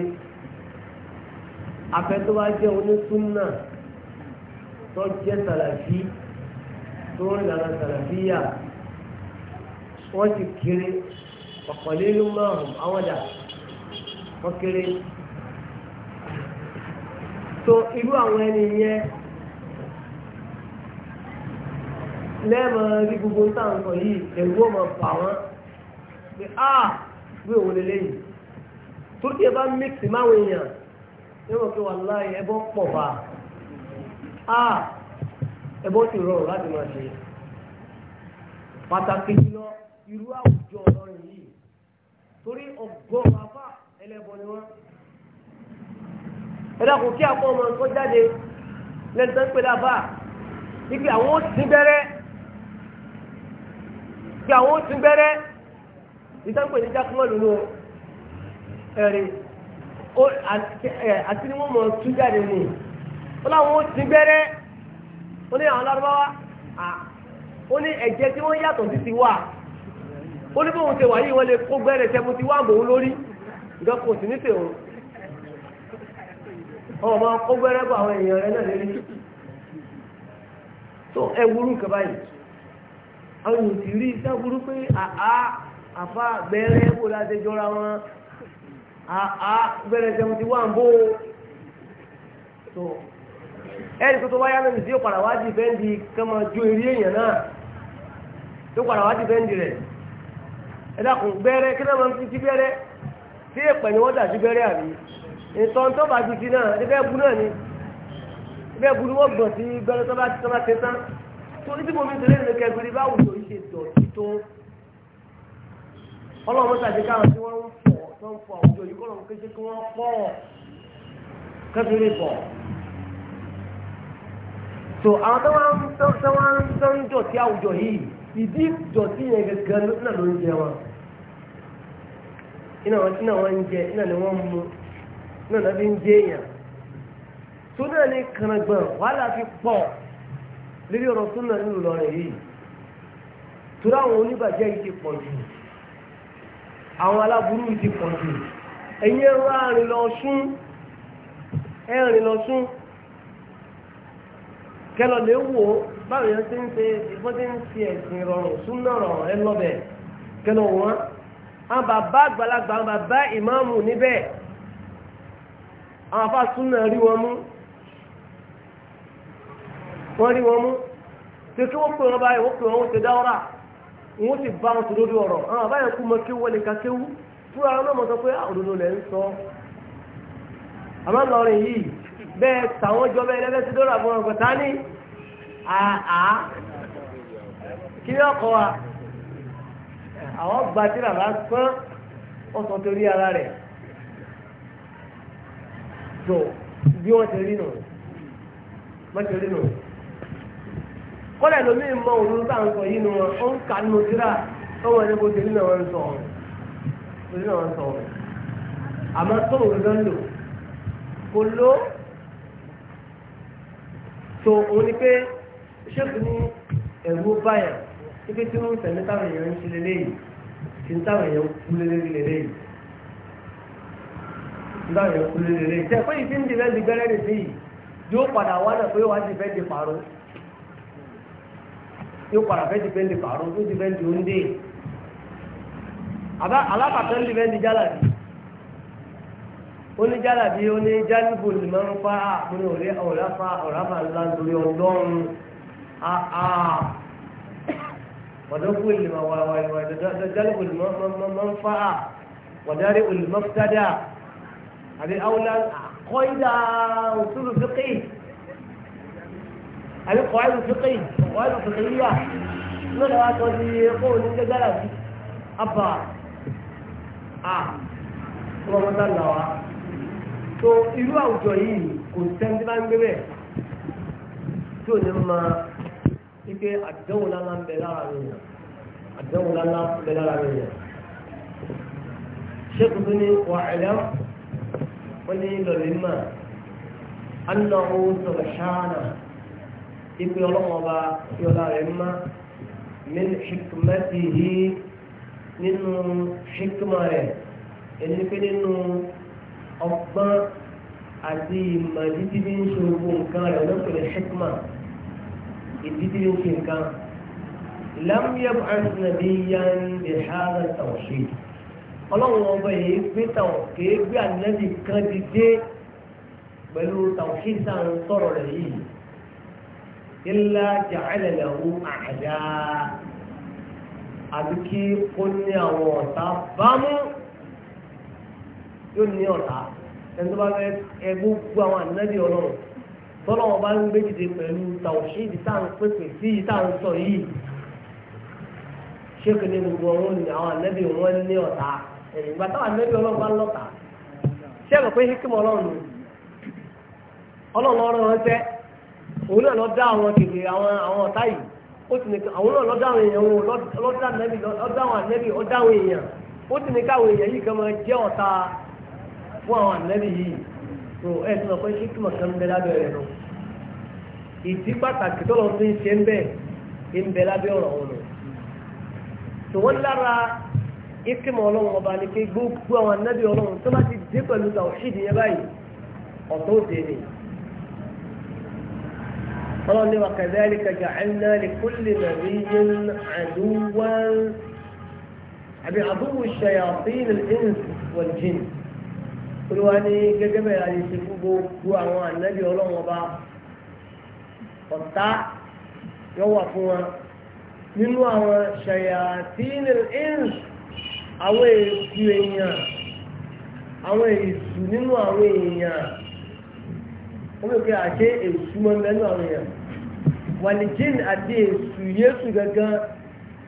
afẹ́ tó bá jẹ́ onísúnnà tó jẹ́ sàlàfí tó ń lànà sàlàfíyà wọ́n ti kéré ọ̀pọ̀lélúmọ́ àwọn dà wọ́n so irú àwọn ẹni yẹn lẹ́ẹ̀mọ rí gbogbo táǹkọ̀ yìí ẹ̀rú ọmọ pa wọ́n pé a ah, gbé òun lè léyìí tó tí ẹ bá mixi máwọn èèyàn ẹ̀wọ̀n pé wà láàyè ẹbọ pọ̀ bá a ah, ẹbọ ti rọrùn láti máa ṣe pàtàkì jùlọ irú àwùjọ ọlọ́run yìí torí ọgọ́ bàbá ẹlẹ́bọ ni wọ́n ẹ̀dá kò kí àpọ̀ ọmọ nǹkan jáde lẹ́nu tó ń pè lábà ibi àwọn ó ti bẹ̀rẹ̀ ibi àwọn ó ti bẹ̀rẹ̀ ìtàn pè ní jákèmọ́lù ló ẹ̀rí àti ni wọ́n mọ̀ tú jáde nì ó láwọn ó ti bẹ̀rẹ̀ ó ní àwọn lárúbáwá ó ní ẹ̀jẹ̀ tí wọ́n yàtọ̀ sí ti wà ó ní bóun ṣe wà yìí wọ́n lè kó gbẹ́rẹ̀ seventy one bòun lórí ìdọ́kùn sí ní tèun ọmọ máa kó gbẹ́rẹ́ bọ àwọn èèyàn rẹ náà lórí tó ẹ wúrú kaba yìí àwọn èèyàn ti rí sáburú pé àá àfa gbẹ́rẹ́ bò láti jọra wọn àá gbẹ́rẹ́ jẹun ti wà ń bò tó ẹni tó tó wáyá lẹ́nu tí ó padà wá di fẹ́ǹdì kama ju eré èèyàn náà tó padà wá di fẹ́ǹdì rẹ̀ ẹ dákun gbẹ́rẹ́ kí náà máa ń fi ti gbẹ́rẹ́ tí èèpẹ̀ ni wọ́n dà sí gbẹ́rẹ́ àbí ètò ọ̀n tó bá ju ti náà ẹgbẹ́ bu náà ni ẹgbẹ́ bu ni wọ́n gbọ̀n sí gbẹ́rẹ́ tó bá ti tọ́ba tẹ tán tó ní tí mo fi tẹ̀lé ní kẹgbẹ́rẹ́ bá wùdò yìí ṣe dọ̀tí tó ọlọ́run tàbí káwọn tí wọ́n ń fọ̀ tó ń fọ̀ àwùjọ yìí kọ́lọ́run kéṣe kí wọ́n pọ̀ kẹ́kẹ́rẹ́ bọ̀ tó àwọn tó wá ń dọ̀tí àwùjọ yìí ìdí dọ̀tí yẹn gẹ́gẹ́ náà ni wọ́n náà náà fi ń jẹ èèyàn tó náà ní kànáàgbọ̀n wàhálà fi pọ̀ lórí ọ̀rọ̀ tó náà nílùú lọ́rẹ̀ yìí tó láwọn oníbàjẹ́ yìí ti pọ̀ jù àwọn aláburú yìí ti pọ̀ jù ẹ̀yin ẹ̀rọ àrìn lọ sún ẹ̀rìn lọ sún kẹlọ lè wò báwo yẹn ti ń ṣe ìbọn ti ń ṣe ẹ̀sìn rọrùn súnà rọrùn ẹ lọ́bẹ̀ kẹlọ wọn àwọn bàbá àgbàlagbà àwọn bàbá ìmáàmù níbẹ̀ àwọn afá súnà rí wọn mú wọ́n rí wọn mú ṣe kí wọ́n pè wọ́n báyìí wọ́n pè wọ́n ti dáwọ́rà wọ́n ti bá wọn tó lórí ọ̀rọ̀ àwọn àbáyọ̀ kú mọ kí wọ́n lè ka kéwú fún ara náà mọ̀ sọ pé ah, òdodo lẹ̀ ń sọ àmọ́ lọrin yìí bẹ́ẹ̀ tàwọn jọ bẹ́ẹ̀ lẹ́fẹ́ ti dọ́là fún ọkọ̀ tání àá kí ni ọkọ̀ wa àwọn gbajú làbá pọ́n ọ̀sán torí ara rẹ̀ jọ bí wọ́n ti rí nù wọ́n ti rí nù. kọ́lá ẹlòmíì mọ òun tá à ń sọ yìí nu wọn ó ń kà nínú síra ọwọ́ ẹni bó ti rí náà wọ́n ń sọ ọ̀rọ̀ bó ti rí náà wọ́n ń sọ ọ̀rọ̀ àmọ́ tó òun lọ lò kò ló tó òun ni pé ṣéèkì ní ẹ̀rú báyà ibi tí wọ́n ń tẹ̀lé táwọn èèyàn ń ṣe lélẹ́yìí tí táwọn èèyàn ń kú lélẹ́yìí láwọn èèyàn kúlé lè lè tẹ́ pé ń dìbẹ́ di gbẹ́rẹ́ nìsí yìí yóò padà wá náà pé wá ti fẹ́ di pààrọ̀ yóò padà fẹ́ ti fẹ́ di pààrọ̀ yóò ti fẹ́ di oúnjẹ àbá alábàtà ń dìbẹ́ di jálàbí ó ní jálàbí ó ní jálùbù ní máa ń fa àpinnu ọ̀rẹ́ ọ̀rá fa ọ̀rá máa ń la nítorí ọlọ́run wàdókù ìlú wàwàwà ìwà jálùbù ní máa ń fa wàdárí olùmọ́fúdádà àbí awúlá kọ́ídà òṣùlù fíkì àbí kọ́ídà fíkì kọ́ídà fíkì yíyà lọ́dọ̀ wa sọ di kóò ní gẹ́gẹ́ àbí abà à kọ́mọ́tà là wa tó irú àwùjọ yìí kò sẹ́ńtì bá ń gbé bẹ́ẹ̀ tí ò ní ma ike àdéhùn lánàá ń bẹ lára mi yàn àdéhùn lánàá ń bẹ lára mi yàn. شيخ بني واعلم wọ́n ní lọ́lẹ́ mà anáwó sọ̀rọ̀ ṣáánà ibi ọlọ́mọba tí ọlá rẹ̀ má min hikmatihi nínú hikma rẹ̀ ẹni pé nínú ọgbọ́n àti ìmọ̀ títí bí ń ṣe gbogbo nǹkan rẹ̀ lọ́pẹ̀lẹ̀ hikma ìdí tí ń ṣe nǹkan. lam yab'ath nabiyyan bi hadha at-tawhid ọlọ́run ọba yìí gbé tàwọn kéé gbé ànábì kan ti dé pẹ̀lú tawhid tá à ń sọ̀rọ̀ rẹ̀ yìí ilá jàálẹ̀ lẹ́hùn àdá àbí kí ó ní àwọn ọ̀tá bámú yóò ní ọ̀tá ẹni tó bá fẹ́ ẹgbẹ́ gbogbo àwọn ànábì ọlọ́run tọ́lọ́wọ́ bá ń gbé dìde pẹ̀lú tawhid tá à ń pèpè sí yìí tá à ń sọ yìí ṣé kìíní gbogbo wọn ni àwọn ànábì wọn ní ọ̀tá ẹ̀rìn ìgbà táwọn ànábì ọlọ́run bá ń lọ́ta ṣé ẹ̀rọ pé híkìmọ̀ ọlọ́run ni ọlọ́run ọ̀rọ̀ wọn tẹ́ òun náà lọ dá àwọn kèké àwọn àwọn ọ̀tá yìí ó sì ní àwọn náà lọ dá àwọn èèyàn wọn lọ dá ànábì lọ dá àwọn ànábì ọ dá àwọn èèyàn ó sì ní káwọn èèyàn yìí kan máa jẹ́ ọ̀tá fún àwọn ànábì yìí tó ẹ̀ sọ pé híkìmọ̀ kan ń bẹ lábẹ́ rẹ̀ lọ ìdí pàtàkì tó lọ fi ń ṣe ń bẹ́ẹ̀ ń bẹ lábẹ́ ọ̀rọ̀ wọn lọ. tòun lára ìkímọ̀ ọlọ́run ọba ni pé gbogbo àwọn anábì ọlọ́run tó bá ti dé pẹ̀lú tàwọ̀ṣídìí yẹn báyìí ọ̀tọ̀ òde ni. ọlọ́run ní wa kadhalika ja'alna li kulli nabiyyin aduwwan àbí aduwwu shayatin al-ins wal olúwa ní gẹ́gẹ́ bẹ́ẹ̀ láti ṣe fún gbogbo àwọn anábì ọlọ́run ọba ọ̀tá yọ wà fún wa nínú àwọn shayatin al-ins àwọn èsù èèyàn àwọn èsù nínú àwọn èèyàn wọ́n mú àṣẹ èsù mọ́ mẹ́nu àwọn èèyàn wàlìjín àti èsù yéésù gangan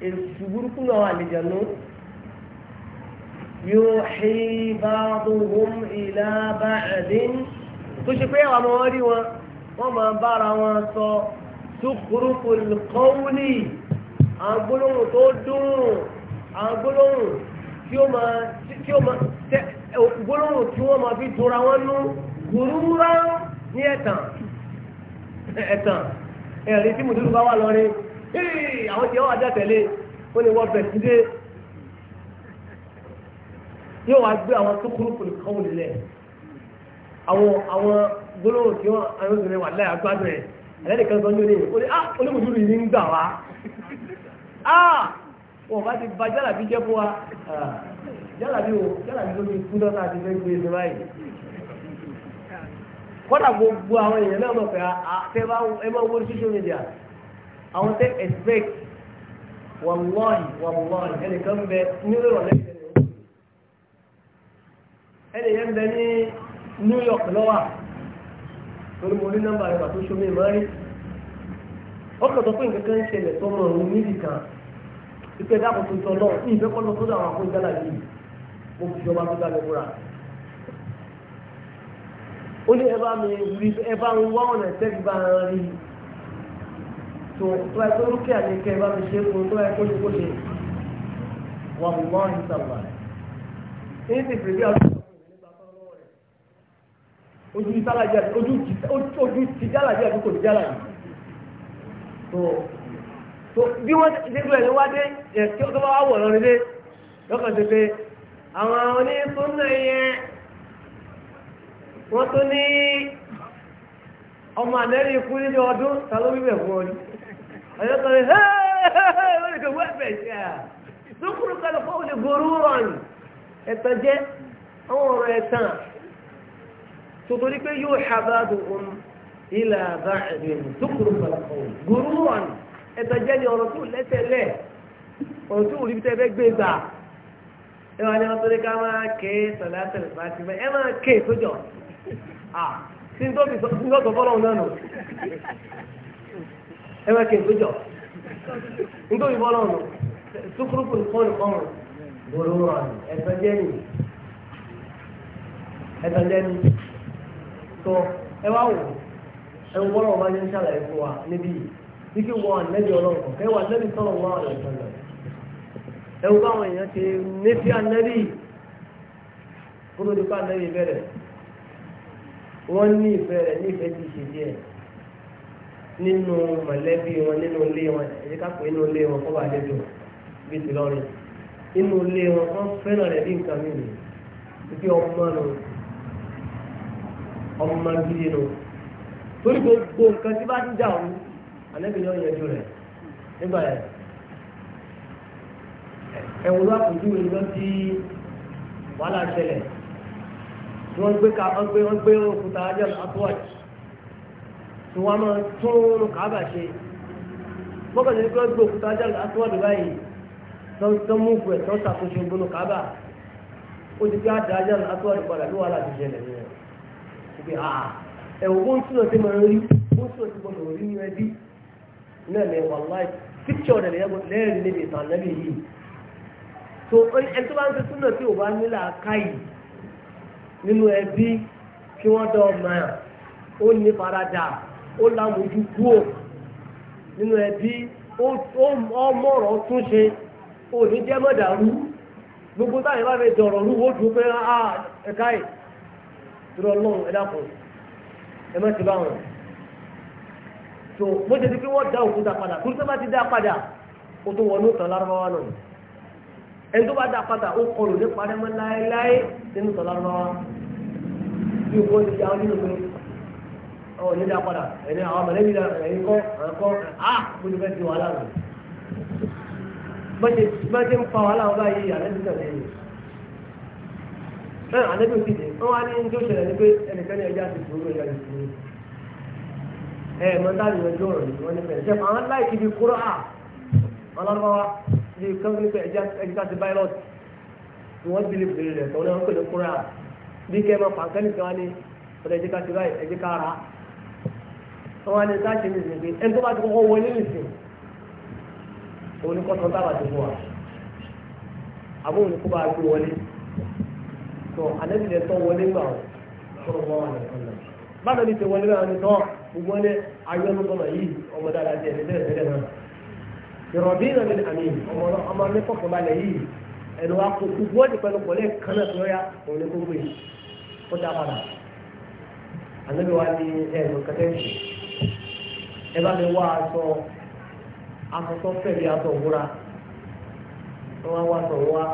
èsù burúkú náà àlìjànú yóò ṣe bá tóhùn ìlà bá ẹ̀dín tó ṣe pé àwọn ọmọ rí wọn wọ́n máa bára wọn tí ó máa tí ó máa tẹ gbólóhùn tí wọ́n máa fi tora wọn nú gbòòrúra ní ẹ̀tàn ẹ̀tàn ẹ̀rí tí mùsùlùmí bá wà lọ́rí ee àwọn tí wọ́n adá tẹ̀lé ó ní wọ́n bẹ̀rẹ̀ sílé yóò wá gbé àwọn tó kúrú kúrú kọ́wò lẹ̀ àwọn àwọn gbólóhùn tí wọ́n àwọn obìnrin wà láyà gbádùn ẹ̀ ẹ̀lẹ́nìkan sọ ní oní oní ah onímùsùlùmí ní ń gbà wá ah wọn bá ti ba jálàbí jẹ́ fún wa jálàbí o jálàbí ló fi kú lọ́nà àti fẹ́ gbé e báyìí. kọ́dà gbogbo àwọn èèyàn náà mọ̀ pé ẹ máa wọ́n social media àwọn tẹ́ expect wàlúwàlì wàlúwàlì ẹnìkan bẹ nílò ìrọ̀lẹ́ ẹnìyẹn bẹ ní New York lọ́wọ́ torí mo rí nọ́mbà rẹ̀ pàtó ṣomi ìmọ̀rí ó kàn tó pé nǹkan kan ń ṣẹlẹ̀ tó mọ̀ òun níbì kan ìpè dáàbò tó tọ̀ lọ ní ìfẹ́ kọ́ lọ sódò àwọn àkójọ gálà yìí mo fi ọba tó dáàbò búra. ó ní ẹbá mi wí ẹbá ń wá ọ̀nà ìtẹ́jú bá ń rí tó tó ẹ tó lókè àdékẹ́ ẹbá mi ṣe é fún tó ẹ kó ṣe kó ṣe wà mí wọ́n ń sàmà. ní ti pèsè àwọn ojú ìsálàjì ojú ti jálàjì àdúgbò ti jálàjì tó bí wọ́n ti dé yẹ kí ọkọ bá wọ̀ lọ́rin dé lọ́kàn tó pé àwọn onísúnà yẹn wọ́n tún ní ọmọ ànẹ́rì ikú níbi ọdún ta ló wíwẹ̀ fún ọdún ọjọ́ kan ní hẹ́ẹ́ẹ́ẹ́ wọ́n lè kó wọ́n ẹ̀fẹ̀ ṣe à kan gorú ẹ̀tàn jẹ́ àwọn ọ̀rọ̀ ẹ̀tàn ọ̀rọ̀ tó rí bí tẹ́ fẹ́ gbé gbà ẹ wà ní wọn tó lé ká máa ké sọ̀látẹ̀lẹ̀ fàtí ẹ máa ké sójọ́ tí n tó fi sọ fọ́lọ́ náà nù ẹ máa ké sójọ́ n tó fi fọ́lọ́ nù sukuruku nìkan nìkan gbòòrò rà ẹ̀sán jẹ́ nì ẹ̀sán jẹ́ tó ẹ wá wò ẹ wọ́n wọ́n bá ń ṣàlàyé fún wa níbí yìí bí kí wọ́n ànẹ́bí ọlọ́run kẹ́wàá ànẹ́bí sọ̀rọ̀ wọn àlọ́ ìtàn náà ẹwú báwọn èèyàn ti ní sí anẹ́bí kó ló dé pa anẹ́bí bẹ̀rẹ̀ wọ́n ní ìfẹ́ rẹ̀ ní ìfẹ́ ti ṣe díẹ̀ nínú mọ̀lẹ́bí wọn nínú ilé wọn ẹ̀yẹ kápẹ́ inú ilé wọn kọ́ bá dẹ́jọ́ bí ti lọ́rin inú ilé wọn kọ́ fẹ́ràn rẹ̀ bí nǹkan mìíràn títí ọmọ nù ọmọ gidi nù torí gbogbo nǹkan tí bá ń jà òun àlẹ́bí ni yẹjú rẹ̀ nígbà yẹn. ẹ̀wọ̀n ló àpòjú ìlú tí wàhálà ṣẹlẹ̀ tí wọ́n gbé ká wọ́n gbé wọ́n gbé òkúta ajá àtúwàjì tí ma máa tún un kábà ṣe bọ́kàn ní kí wọ́n gbé òkúta ajá àtúwàjì báyìí tọ́ mú ìfẹ́ tọ́ ṣàkóso ìgbónú kábà ó ti fi àdá ajá àtúwàjì padà bí wàhálà ti ṣẹlẹ̀ nìyẹn ìgbé àà ẹ̀wọ̀n bó ń túnọ̀ sí máa rí bó ń túnọ̀ sí ní ẹbí náà tó ẹni tó bá ń ṣe súnà tí ò bá nílà káyì nínú ẹbí kí wọ́n dọ̀ ọmọ ẹ̀ ó ní faradà ó lámojú kúò nínú ẹbí ó mọ̀rọ̀ tún ṣe ó ní jẹ́ mọ̀dàrú gbogbo táyà bá fẹ́ dọ̀rọ̀ rú ó dùn pé ẹ̀ka ẹ̀ tó lọ́wọ́ ẹ̀dá kan ẹ má ti bá wọn tó bó ṣe ti pé wọ́n dá òkúta padà tó ń sábà ti dá padà ó tó wọnú tán lárúbáwá náà ẹni tó bá dá padà ó kọlù ní parẹ́mọ́ láéláé nínú sọ̀lá lọ́wọ́ bí o kò ní ti àwọn nínú pé ọ̀ ní dá padà ẹni àwọn mọ̀lẹ́bí ẹ̀yìn kọ́ ẹ̀kọ́ á kó ní fẹ́ ti wàhálà rẹ̀ bọ́sẹ̀ bọ́sẹ̀ ń fa wàhálà wọn báyìí àlẹ́bí tẹ̀lé yìí ẹ̀ àlẹ́bí ti dé wọ́n wá ní ní tó ṣẹlẹ̀ ní pé ẹnìkan ní ẹja ti sòrò ẹja ti sòrò ẹ̀ mọ̀tàlì ọjọ́ rẹ̀ wọ́n ní fẹ́ ṣe kán nípa ẹja ẹja ti báyọ̀tì wọ́n bìlì bìlì rẹ̀ tọ́ náà wọ́n pè ní kúrẹ́ à bí kẹ́ ẹ máa fà kẹ́lì kan ní ọ̀dọ̀ ẹjẹ́ ká ti báyìí ẹjẹ́ ká ra wọ́n á ní sáàṣì ní ìsìn pé ẹni tó bá ti kọ́kọ́ wọlé nìsín ni kọ́sán ti ìrọ̀bí náà mi àmì ọmọ mi kọ̀ọ̀kan balẹ̀ yìí ẹnu wa kó gbogbo ọ̀dì pẹ̀lú pọ̀lẹ́ kan náà lọ́yà òun ni gbogbo yìí kó dá padà ànábi wa ni ẹnu kẹtẹ́ǹtì ẹ bá mi wá aṣọ aṣọ fẹ̀lẹ́ aṣọ òwúra wọ́n wá aṣọ òwúra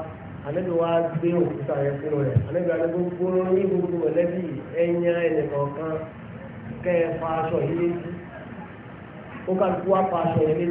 ànábi wa gbé òkúta yẹn fún rẹ̀ ànábi wa ni gbogbo ní gbogbo mọ̀lẹ́bí ẹ̀yà ẹnìkọ̀ọ̀kan kẹ́ ẹ fa aṣọ yìí létí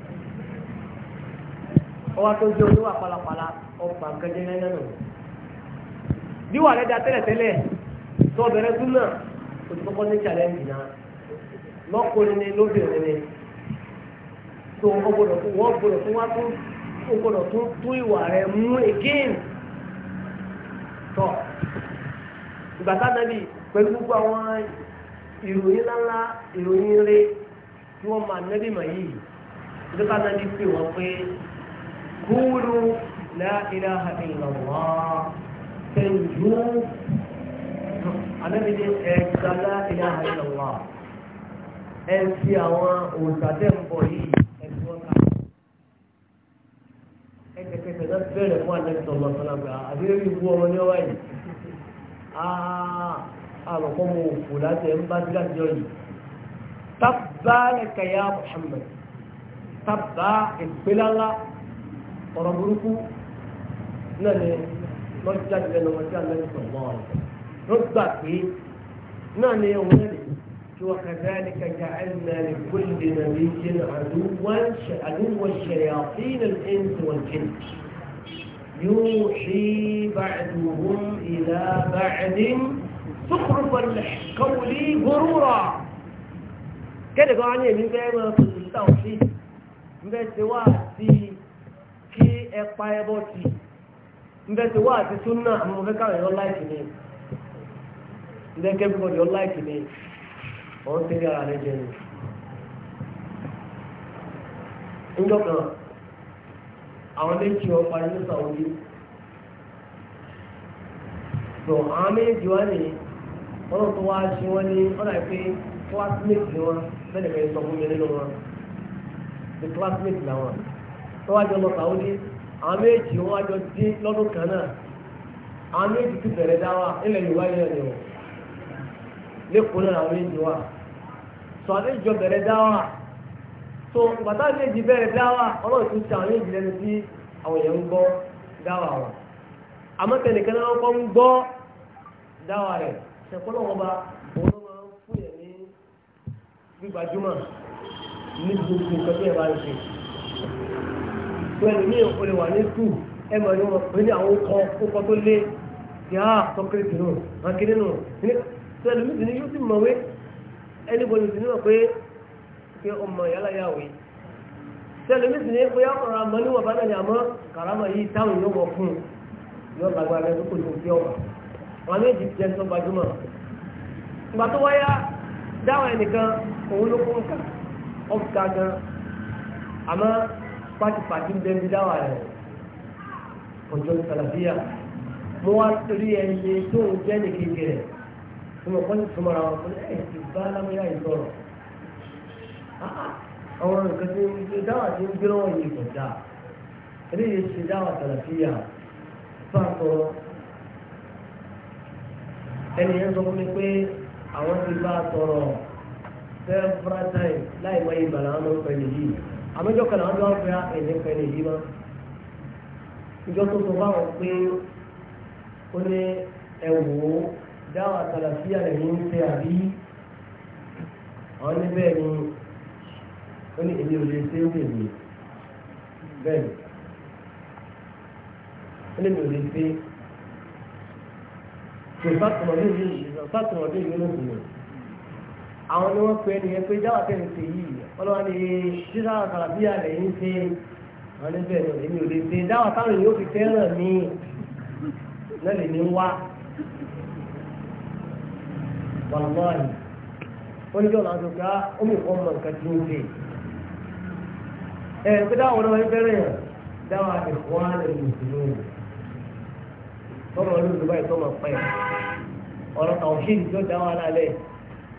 ọwọ́ tó jẹ́ oníwà pàlàpàlà ọgbà gẹ́gẹ́ náà nù. bí wà lẹ́dà tẹ́lẹ̀tẹ́lẹ̀ tó bẹ̀rẹ̀ tún náà kò tó kọ́kọ́ ní challenge náà lọ́kùnrin ni lóbìnrin ni tó ọgbọ̀dọ̀ tó wọ́n gbọ́dọ̀ tó wá tó ọgbọ̀dọ̀ tó tó ìwà rẹ̀ mú again tọ̀ ìgbà sábẹ́bí pẹ̀lú gbogbo àwọn ìròyìn ńláńlá ìròyìn rẹ̀ tí wọ́n máa nẹ́bí mọ̀ yìí ìjọba náà ti pè wọ́n pé قولوا لا إله إلا الله تنجو أنا بدي لا إله إلا الله ẹ̀sí àwọn òǹtàtẹ́m̀bọ̀ yìí ẹ̀sí wọn ká ẹ̀kẹ̀kẹ̀kẹ̀ náà bẹ̀rẹ̀ fún àlẹ́sọ̀ lọ́sọ̀lọ́gbà àbílẹ̀ ìwú ọmọ ní ọwọ́ yìí àròkọ́ mo òfò láti ẹ̀ ń bá sí láti ọ̀yìn tábà ẹ̀kẹ̀yà Muhammad tábà ìpínlẹ̀ ọ̀rọ̀ burúkú náà ni wọ́n jáde lẹ́nu ọmọ tí a lẹ́nu sọ̀rọ̀ lọ́wọ́ rẹ̀ wọ́n gbà pé náà ni òun náà lè kí wọ́n kà dáa ní kàkà ẹ̀nà lè kúlè nà lè jẹ́ àdúgbò ṣẹ̀yà fínà ẹ̀ǹtì wọ́n jẹ́ يوحي بعضهم إلى بعض زخرف القول غرورا كده قاعدين من بين التوحيد من بين سواسي ẹpa ẹbọ ti nbẹ ti wá àti súnà àwọn ọmọ kẹkẹ àwọn ọláìkì ni nbẹ kẹfìkọdì ọláìkì ni ọ̀hún tẹ̀lé ara rẹ jẹ ni. níjọ́ kan àwọn méjì ọpa ní sàwọ́dí tó àwọn méjì wá ní ọ̀rọ̀ tó wá ṣe wọ́n ní ọ̀rọ̀ àìpé kílásímẹ́tì wọn bẹ́ẹ̀ ni kẹ́ sọ fún mi nínú wọn ní kílásímẹ́tì làwọn tó wá jọ lọ sàwọ́dí. àwọn méjì wọn àjọ dín lọ́dún kan náà àwọn méjì ti bẹ̀rẹ̀ dá wa ilẹ̀ yorùbá yẹn ni o lẹ́kọ̀ọ́ náà wa sọ àwọn méjì jọ bẹ̀rẹ̀ dá wa so bàtà méjì bẹ̀rẹ̀ dá wa ọlọ́run ti ṣe àwọn lẹ́nu sí àwọn èèyàn ń gbọ́ dá wa wọn àmọ́ náà wọ́n ń gbọ́ dá wa rẹ̀ ṣẹ̀kọ́ náà wọ́n bá òun máa ń fún yẹn ní gbígbajúmọ̀ ní gbogbo nǹkan tó yẹ pẹ̀lú ní òkúlẹ̀ wà ní skul ẹ mọ̀ ní wọn pẹ̀lú àwọn ọkọ̀ ọkọ̀ tó lé yà á sọkírìtì nù akéde nù pẹ̀lú mi sì ni yóò ti mọ̀ wé ẹni bọ̀ ní sì ni wọ́n pé pé ọmọ yàrá yà wé pẹ̀lú mi sì ni pé ọ̀rọ̀ àmọ́ ní wọn bá náà ní àmọ́ kàrámà yìí táwọn yóò wọ̀ fún yóò lágbára ẹ̀ tó kò ní òkè ọ̀wà wọn ní èjì jẹ́ sọ gbajúmọ̀ ìgbà tó wáyá dáwọn ẹnìkan òun ló kún ká ọ̀ pátípátí bẹ́ẹ̀ dáwà rẹ̀ ọjọ́ sàlàfíà mo wá torí ẹni tó ń jẹ́ nìkejì rẹ̀ fún ọkọ ní túmọ̀ ra wọn fún ẹ̀ ti bá lámúyá ìtọ̀rọ̀ àwọn nǹkan tí ń gbé dáwà tí ń gbé lọ́wọ́ yìí kò dáa eléyìí ṣe dáwà sàlàfíà bá sọ̀rọ̀ ẹni yẹn sọ fún mi pé àwọn ti bá sọ̀rọ̀ several times láì wáyé ìgbàlá wọn ló ń yìí àmọ́jọ́ kan àwọn ọ̀dọ́ fẹ́ ẹ̀yìn kan lè yí mọ́ ìjọ tó sọ fáwọn pé ó ní ẹ̀wò dáwà tàlàfíà lẹ́yìn ń tẹ́ àbí àwọn níbẹ̀ ni ó ní èmi ò lè ṣe é lè mi bẹ́ẹ̀ ó lè mi ò lè ṣe é. Ìfàtúmọ̀ ní ìlú ìfàtúmọ̀ ní ìlú ló sì lè àwọn ni wọ́n pe ẹnìyẹn pé dáwà tẹ̀ ń ṣe yìí ọlọ́wọ́n ni ṣíṣá kàlàbíyà lẹ́yìn ṣe wọ́n ní bẹ́ẹ̀ lọ èmi ò lè ṣe dáwà táwọn èèyàn fi fẹ́ràn mi náà lè ní wá wàlúwàlú ó ní jọ̀ọ́ láti ká ó mú ìfọ́ mọ̀ nǹkan tí ó ṣe ẹ̀ pé dáwà ọlọ́wọ́ fẹ́ràn yàn dáwà ìfọ́ àlẹ́ ìṣòro tọ́lọ́ ọlọ́dún báyìí tọ́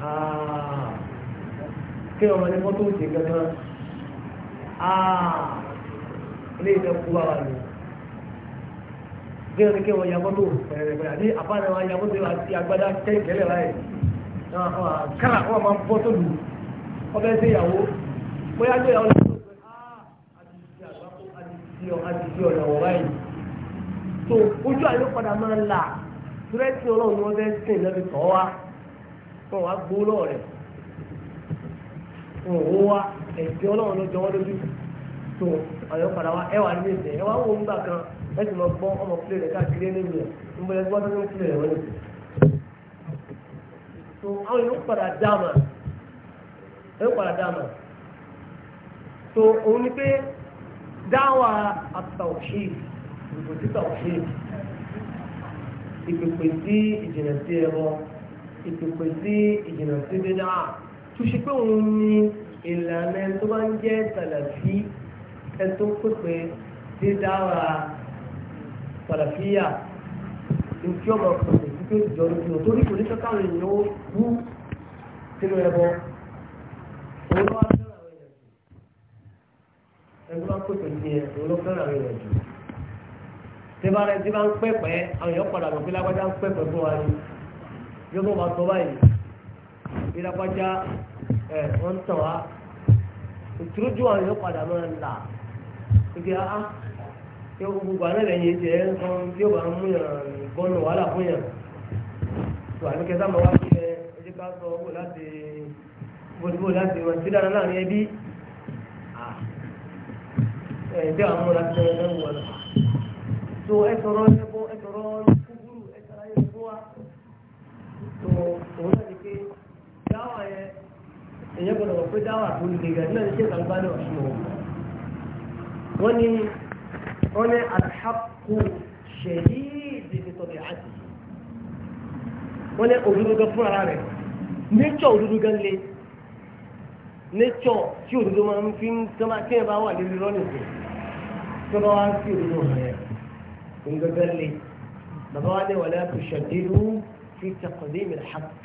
Ah. kí ọmọ ní mọ́tò ṣe gángan ah. ilé ìfẹ́ kú bá wà ní kí ọmọ kí ọmọ ya mọ́tò pẹ̀lẹ́pẹ̀lẹ́ àti àbára wa ya mọ́tò àti agbádá kẹ́kẹ́lẹ́ báyìí kára wọn máa ń tó lù ọbẹ̀ sí ìyàwó bóyá ní ìyàwó lọ́wọ́ pé á ah, àdìsí ọ̀nà wọ̀ báyìí tó ojú àyè padà máa ń là tírẹ́tì ọlọ́run ni wọ́n fẹ́ sìn wa. wọn wá gbó lọ́wọ́ rẹ̀ wọn ò wá ẹ̀jẹ̀ ọlọ́run ló jọ lójú tó ọ̀yọ́ padà wá ẹwà ní ìsẹ̀ ẹwà ń gbà kan ẹ sì gbọ́ ọmọ pílẹ̀ rẹ̀ káàkiri nínú rẹ̀ ń bọ́lẹ̀ gbọ́ tó ń rẹ̀ wọ́n lè tó àwọn padà dáàmà padà dáàmà tó òun ni pé dáwà ìpèpè sí ìjìnlẹ̀ ìpèpè sí ìjìnà sí dídá tó ṣe pé òun ni ìlànà ẹni tó bá ń jẹ́ sàlàfí ẹni tó pèpè dídára sàlàfíà ìfi ọmọ pèpè sí pé ìjọba ìjọba tó ní kò ní sọ́kà rẹ̀ yóò wú sínú ẹbọ òun ló wá fẹ́ràn àwọn èèyàn jù ẹni tó bá pèpè sí ẹ òun ló fẹ́ràn àwọn èèyàn jù tí bá rẹ tí bá ń pẹ́pẹ́ àwọn èèyàn padà lọ pé lágbájá ń pẹ́pẹ́ fún wa ni yóò mọ̀ máa sọ báyìí ìrapájá ẹ̀ wọ́n ń tàn wá ìtúrújú àwọn yóò padà máa ń là ìgbé ah yóò ah, gbogbo àná lẹ́yìn ìjẹ́ nǹkan tí yóò bá ń múyàn bọ́nù wàhálà fún yàn tó àmì kẹta máa wá sí ẹ ẹjẹ ká sọ owó láti bó láti wọn sí dára láàrin ẹbí ẹ̀ ẹ̀ dẹ́ àwọn ọmọ láti ẹ̀ ẹ̀ wọ̀ lọ. tó ẹ sọ̀rọ̀ ẹ bọ́ ẹ sọ̀rọ̀ ọ́ èyàn gbọ́dọ̀ wọ pé dáwà tó lè gà náà ṣe gbàgbá náà ṣe wọn. wọ́n ní wọ́n ní àtàkù ṣèyí ìdíje tọ́bi àti wọ́n ní òdodo gan fún ara rẹ̀ nature òdodo gan le nature tí òdodo máa ń fi ń tọ́ba tí ẹ bá wà lórí rọ́ọ̀nì tó tọ́ba wá ń fi òdodo hàn yẹn òdodo bàbá wa ní wàlẹ́ àtúnṣe dìrú fi tẹ̀kọ̀dé mi rà hàpù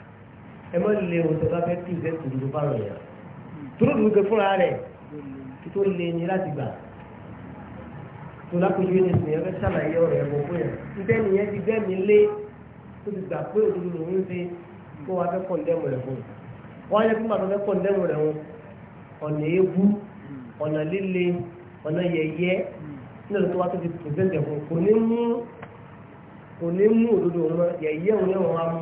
ẹ má lè oṣù bá fẹ́ pèsè tòdodo bá rẹ̀ yàn tòdodo gbé fúnra rẹ̀ tó lè ní láti gbà tó lápòjú ní ìsìn yẹn fẹ́ ṣàlàyé ọ̀rọ̀ ẹ̀bùn fún yàn níbẹ̀ nìyẹn ti gbẹ́ mi lé tó ti gbà pé òdodo lòún ṣe kó wa fẹ́ kọ̀ndẹ́mù rẹ̀ fún wọn á yẹ fún bàtọ́ fẹ́ kọ̀ndẹ́mù rẹ̀ wọn ọ̀nà ewu ọ̀nà líle ọ̀nà yẹ̀yẹ́ nílò tó wá tó ti pèsè tẹ̀ fún kò ní mú òdodo wọn yẹ̀yẹ́ òun yẹn wọn á mú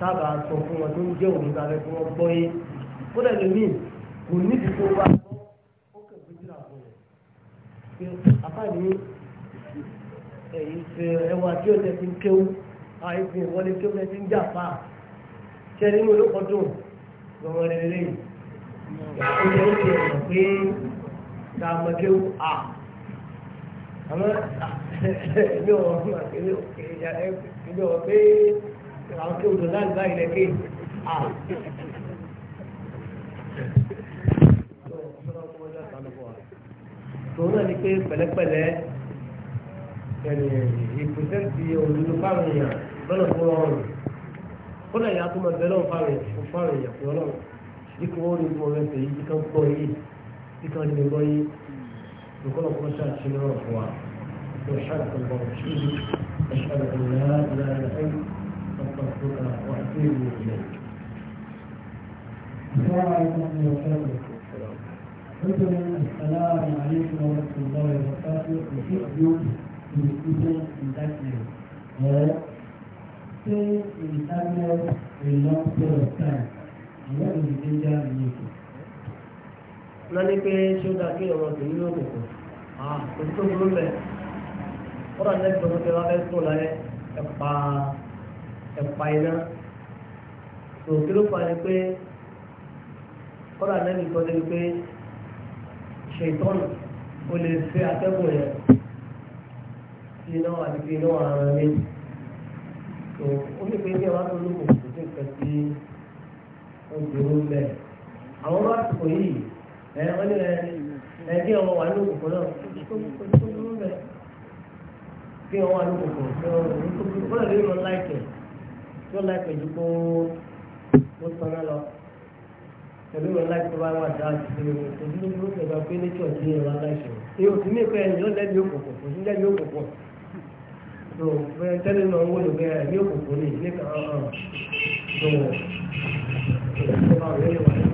sábà sọ fún wọn tó ń jẹ́ òun tàbí fún wọn gbọ́ yé kódà lómi kò níbi tó bá ó kẹ̀ fojú rà fún rẹ̀ pé àbáyé ìfẹ́ ẹwà tí ó tẹ̀ fi ń kéwú àìsàn ìwọlé kéwú ẹ ti ń jà pa ṣẹlẹ̀ inú ló lọ́wọ́ rẹ̀ lẹ́yìn ó jẹ́ ó ti ẹ̀rọ pé ká mọ kéwú à àmọ́ ẹ̀mí ọ̀rọ̀ pé àwọn kí odò láì báyìí lẹ́kẹ́ tòun náà ni pé pẹ̀lẹ́pẹ̀lẹ́ ìpèsèntì òdodo fáwọn èèyàn lọ́nà tó rọrùn kó náà yàtọ̀ máa bẹ lọ́wọ́ fáwọn èèyàn fáwọn èèyàn fún ọlọ́run bí kò wọ́n rí fún ọ̀rẹ́ tèyí bí kò ń gbọ́ yìí bí kò ń lè gbọ́ yìí nǹkan ọ̀pọ̀ ṣáà ṣe lọ́rọ̀ fún wa. وشهادة الله وشهيده أشهد أن لا إله إلا أنت أستغفرك وأتوب إليك السلام عليكم ورحمة الله وبركاته السلام عليكم ورحمة الله وبركاته وشكرا لكم in that name. Uh, stay in darkness a long period of time and what is the danger in it? wọ́n ní pé ṣé ó dáa kí ọmọ tèmi ló kòkò kò sí tó burú bẹ́ẹ̀ kọ́ra nẹ́ẹ̀tì tó ń tẹ́wọ́ fẹ́ tó ẹ̀pà iná tòkí ló pa ni pé kọ́dà nẹ́bí kan débi pé ṣètọ́nù o lè fẹ́ atẹ́gùn yẹn iná àti fi iná ara mi tó ó ní pé ní àwọn olóko kò sí nǹkan tí ó dúró ń bẹ̀. àwọn bá tòkò yìí ẹ wọ́n ní ẹ kí ọmọ wà ní òkòkò náà tó dúró ń bẹ̀ kí ọmọ wà ní òkòkò tó dúró ń bẹ̀ kó lè rí wọn láìpẹ́ yóò láì pẹ̀lú kó ó sanra lọ pẹ̀lú ìwé láì tó bá wà dá àtìlẹ́ ìwé tó ní ìwé tó bá pé nature ti ẹ̀rọ aláìsàn èyí ò sí ní ìpẹ́ ẹ̀yìn lẹ́bi òkùnkùn kò sí lẹ́bi òkùnkùn tó bẹ́ẹ̀ tẹ́lẹ̀ náà wọ́n lò bẹ́ẹ̀ ẹ̀mí òkùnkùn ní ìdílé kan hàn hàn tó wọ̀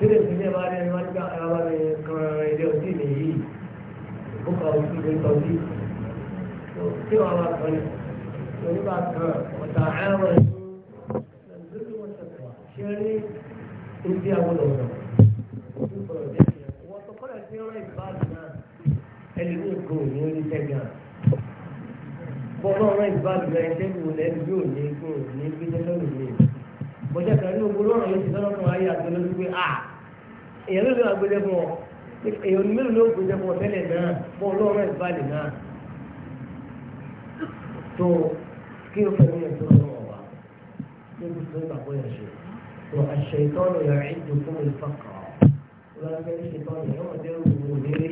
sílẹ̀ ìpínlẹ̀ bá rẹ̀ wọ́n gbá ara rẹ̀ kan rẹ̀ ilé ọtí nìyí ó kà ó sí ìgbésọ̀ sí tí wọ́n bá kan ní onígbà kan ọ̀tà ẹ̀rọ ẹ̀sùn nàìjíríà wọn ṣẹ̀kọ̀ ṣe rí ibi àwọn ọ̀nà wọ́n tó kọ́lẹ̀ sí ọ̀rọ̀ ìbáàdì náà ẹlẹ́ni nǹkan ò ní orí tẹ́gà ọ̀rọ̀ ìbáàdì náà ẹ̀ṣẹ́ ìwòlẹ́ yóò ní kó ní gbé bọ́jà kan ní ogun lọ́rọ̀ yìí ti sọ́nà kan ayé àti olóṣù pé ah, a èèyàn ló lè wà gbélé fún ọ èèyàn ní mélòó ló gbélé fún ọ tẹ́lẹ̀ náà bọ́ ọlọ́run ẹ̀ balẹ̀ náà tó kí o fẹ́ yẹn tó lọ́wọ́ wa kí o tó ìgbàgbọ́ yẹn ṣe tó àṣẹ ìtọ́nù yẹn rí ju fún mi fàkà ọlọ́run fẹ́ ṣe tọ́nù yẹn wọ́n dẹ́rù wò lérí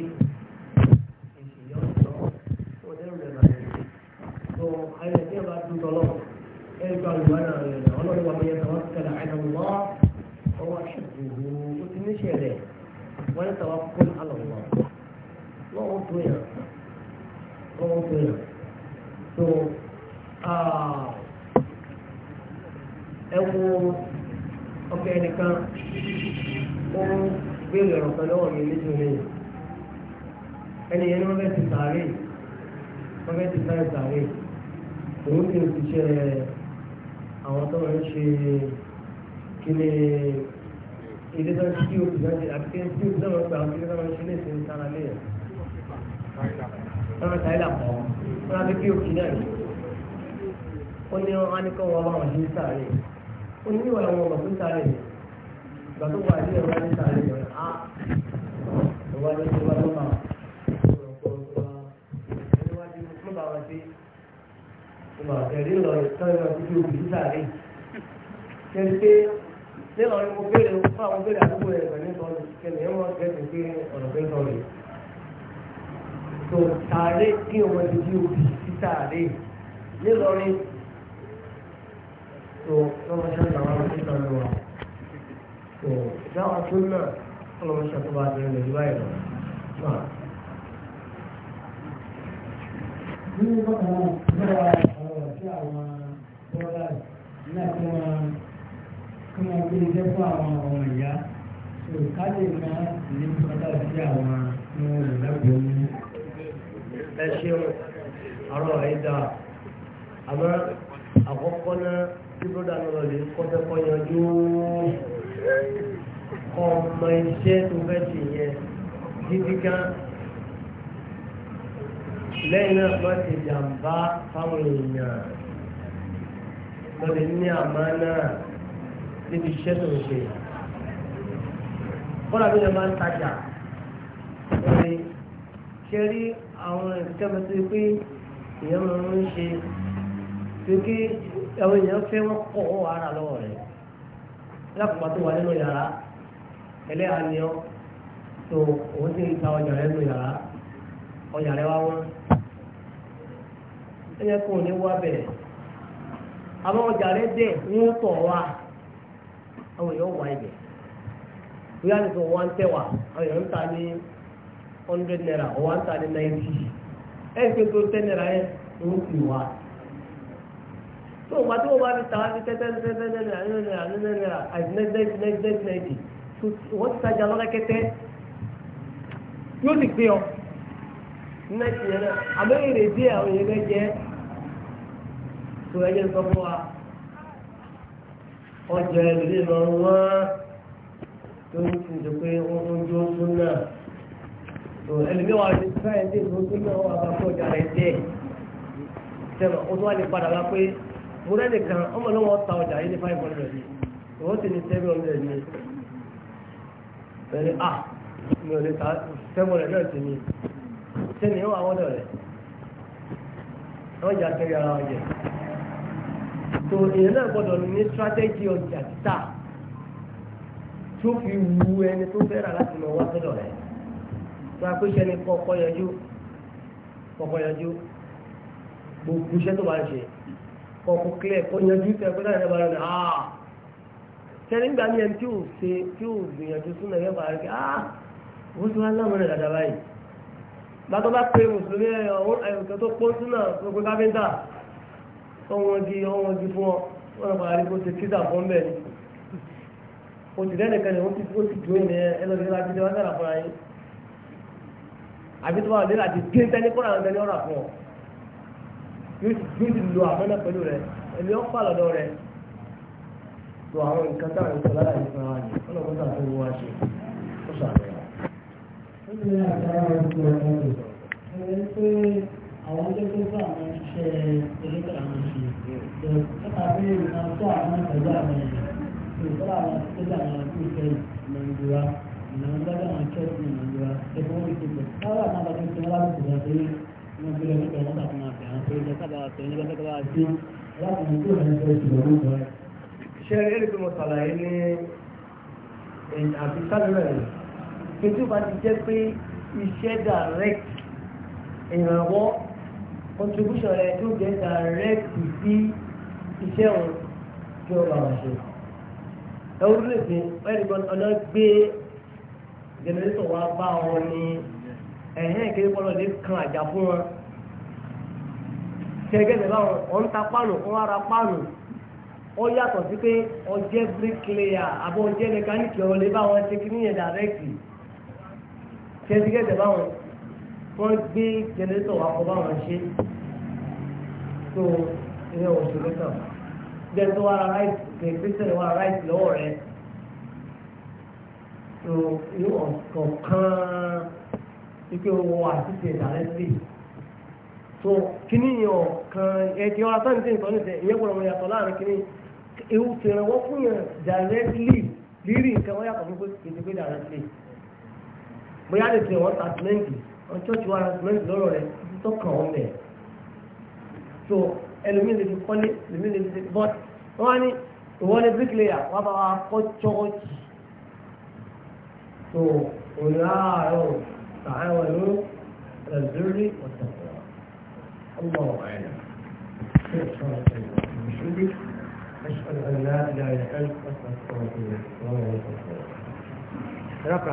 èsì yọ̀ ọ̀tọ̀ wọ́n dẹ́rù lẹ́ ẹgbẹ́ olùwárà rẹ̀ ọlọ́run wàmí yẹn tàwọn kẹlẹ̀ àìlọ́wọ́ ọwọ́ aṣèjìgbò ó ti níṣẹ́ rẹ̀ wọ́n yẹn tàwọn kọ́ àlọ́wọ́ lọ́wọ́ tó yàn lọ́wọ́ tó yàn tó ẹ wo ọkọ ẹnìkan ó ń béèrè ọ̀rọ̀ kan lọ́wọ́ mi nítorí ẹni yẹn ni wọ́n fẹ́ ti sàárè wọ́n fẹ́ ti sáré sàárè òun ti ń ṣiṣẹ́ àwọn tó ń ṣe kílé ilé tó ń ṣí òkú jáde àti kí n tí òkú náà gba àwọn kílé tó ń ṣe lè ṣe ń sára lé ẹ̀. wọ́n táyìlà pọ̀ wọ́n á fi kí òkú náà yìí. ó ní wọn á ní kọ́ wọn bá wọn ṣe ń sáré ó ní ìwà àwọn ọmọ ń sáré ìgbà tó wà ní ẹ̀rọ ní sáré ìwà ẹ̀rí ìlọrin tán ẹ̀rọ ìdíjú òbí sáré kẹ́ni pé nílọrin mo fún àwọn béèrè àdúgbò rẹ̀ pẹ̀lú ìtọ́jú kẹ́ni ẹ̀ wọ́n gẹ̀ẹ́sì pé ọ̀rọ̀ pé sọ̀rọ̀ tó sáré kí ọmọ ìdíjú òbí sáré nílọrin tó lọ́wọ́ sẹ́ni àwọn ọmọ ìdíjú òbí wa tó dáwọn tó náà ọlọ́wọ́ sẹ́ni tó bá lọ. Thank you sí àwọn bọ́lá náà kí wọ́n kí wọ́n gbé iṣẹ́ fún àwọn ọmọ ìyá tó ká lè má ní bọ́lá sí àwọn ọmọ ìlẹ́gbẹ̀ẹ́ ní. ẹ ṣeun àrò ẹ̀dá àmọ́ àkọ́kọ́ náà tí bọ́dà náà lè kọ́fẹ́ yanjú ọmọ iṣẹ́ tó fẹ́ ṣe yẹn lẹ́yìn náà má ti jàǹbá fáwọn èèyàn lọ́dẹ̀ ní àmánà níbi iṣẹ́ tó ń ṣe. Bọ́lá mi máa ń tajà lórí ṣe rí àwọn ìkẹ́kọ̀ọ́ tó pé èèyàn máa ń ṣe tó kí àwọn èèyàn fẹ́ wọ́n kọ̀ ọ́ ara lọ́wọ́ rẹ̀. Lákòókò tó wà nínú yàrá ẹlẹ́yà ni ọ́ tó òun ti ń ta ọjà rẹ̀ nínú yàrá. ọjà rẹ wá wọ́n ẹ̀yẹ kò ní wá bẹ̀rẹ̀ àwọn ọjà rẹ dẹ̀ ń tọ̀ wá àwọn èèyàn wá ibẹ̀ bóyá nìkan tẹ̀ wá àwọn èèyàn ń ta ní hundred naira ọ̀wá ń ta ní ninety ń tó ten naira yẹn ń fi wá tó o ma tó o bá fi tàwa fi tẹ́tẹ́ tẹ́tẹ́ wọ́n ti tajà yóò ti ọ. iná ti yẹn náà àmọ́ ìrètí àwọn yẹn bẹ́ jẹ́ tó ẹjẹ́ sọ fún wa ọjọ́ ẹlòmíì lọ wọ́n tó ń fi jẹ pé wọ́n ń jó fún náà tó ẹlòmíì wà ní sáyẹ̀ntì tó ń náà wà mo ta yìí ní ti ní seven hundred ah mi ò lè ta náà ti ní. tẹ́lẹ̀ ó wà wọ́dọ̀ rẹ̀ wọ́n jà kiri ara wọn jẹ tó èèyàn náà gbọ́dọ̀ ní strategy ọjà títà tó fi wu ẹni tó fẹ́ rà láti lọ wá sọ́dọ̀ rẹ̀ tó apéṣẹ ni kọ́kọ́ yọjú kọ́kọ́ yọjú gbogbo iṣẹ́ tó bá ń ṣe kọ́kọ́ clear kọ́ yọjú tẹ̀ pé láti ẹ̀bá rẹ̀ ah! ní ah tẹ́lẹ̀ nígbà míì ẹni tí ò ṣe tí ò gbìyànjú súnmọ́ ẹ̀yẹ́ bá rẹ̀ kí ah wọ́n ti wá láwọn rẹ̀ dáadáa báyìí gbàtọ́ bá pé mùsùlùmí ẹ̀yọ̀kẹ́ tó pọ́ sínú gbogbo káfíńtà ọwọ́n di ọwọ́n di fún ọ wọ́n lọ pàdé kó ti títà fún bẹ́ẹ̀ ni o ti dẹ́nu kan ní o ti o ti dùn ní ẹlọ́dún láti dé wákàtà fún ayé àbí tó bá wà lé láti dé tẹ́lẹ̀ kó làwọn tẹ́lẹ̀ ọ̀rà fún ọ yóò ti lo àmọ́nà pẹ̀lú rẹ ẹni ó fà lọ́dọ̀ rẹ lo àwọn nǹkan táwọn ìṣọ̀lá láti fún wa ní ọlọ́mọdé àti owó wa ṣe ó ṣàlọ́ nínú àtàrà ọ̀gbọ̀n ọ̀rọ̀ rẹ̀ pé àwọn jẹ́ tó fún àwọn iṣẹ́ eléka àwọn ṣe nípa pé ìran tó àwọn ìtọ́jú àwọn èèyàn tó tọ́ àwọn tó tọ́ àwọn ọdún ìfẹ́ ìmọ̀lúwa ìlànà gbọ́dọ̀ àwọn church ní ìmọ̀lúwa ẹgbẹ́ wọn ti gbọ́ káwọn àwọn àbájọ tí wọ́n bá ti gbà pé wọ́n gbé lọ nípa pé tí ó bá ti jẹ́ pé iṣẹ́ direct ìrànwọ́ contribution rẹ tó jẹ́ direct sí iṣẹ́ òun tí ó bá wà ṣe. ẹ wọ́n lè fi ẹni kan ọ̀nà gbé jẹnẹrétọ̀ wá bá wọn ní ẹ̀hìn ìkéde pọ́lọ́ lè kan àjà fún wọn. tẹ̀gẹ́dẹ̀ báwọn ọ̀ ń ta páànù ọ̀ ń ara páànù ó yàtọ̀ sí pé ọjẹ́ bricklayer àbọ̀ ọjẹ́ mẹkáníìkì ọ̀rọ̀ lè bá wọn ṣe kí níyẹn dàrẹ́kì kẹ́sìkẹ́sì báwọn wọ́n gbé jẹnẹrétọ̀ wá kọ́ báwọn ṣe tó ilé òṣèlú tàn bẹ́ẹ̀ tó wàrà ráìtì kẹ́sìkẹ́sì wàrà ráìtì lọ́wọ́ rẹ̀ tó ilé ọ̀kọ̀ọ̀kan ike owó àtúnṣe ìdálẹ́sì tó kíní ọ̀kan ẹ̀kí ọ̀rá sáà ní tí nǹkan nìṣẹ́ ìyẹn gbọ́dọ̀ wọ́n yàtọ̀ láàrin kíní ewu tẹ̀rẹ̀ wọ́n fún yàn directly rírì nǹkan wọ́n yàtọ̀ fún pé kìí ṣe pé directly. bóyá lè fi wọn ta wọn chọọchì wa ra lọ́rọ̀ rẹ tó wọn bẹ so ẹlòmíì lè fi kọ́lé ẹlòmíì lè fi bọ́t wọn á ní ìwọ ni bíríkìlẹ̀yà wọn bá wa kọ́ chọ́ọ̀chì so òní àárọ̀ sàárẹ̀ wọn ọ̀tọ̀ أشهد أن لا إله إلا أنت أستغفرك وأتوب إليك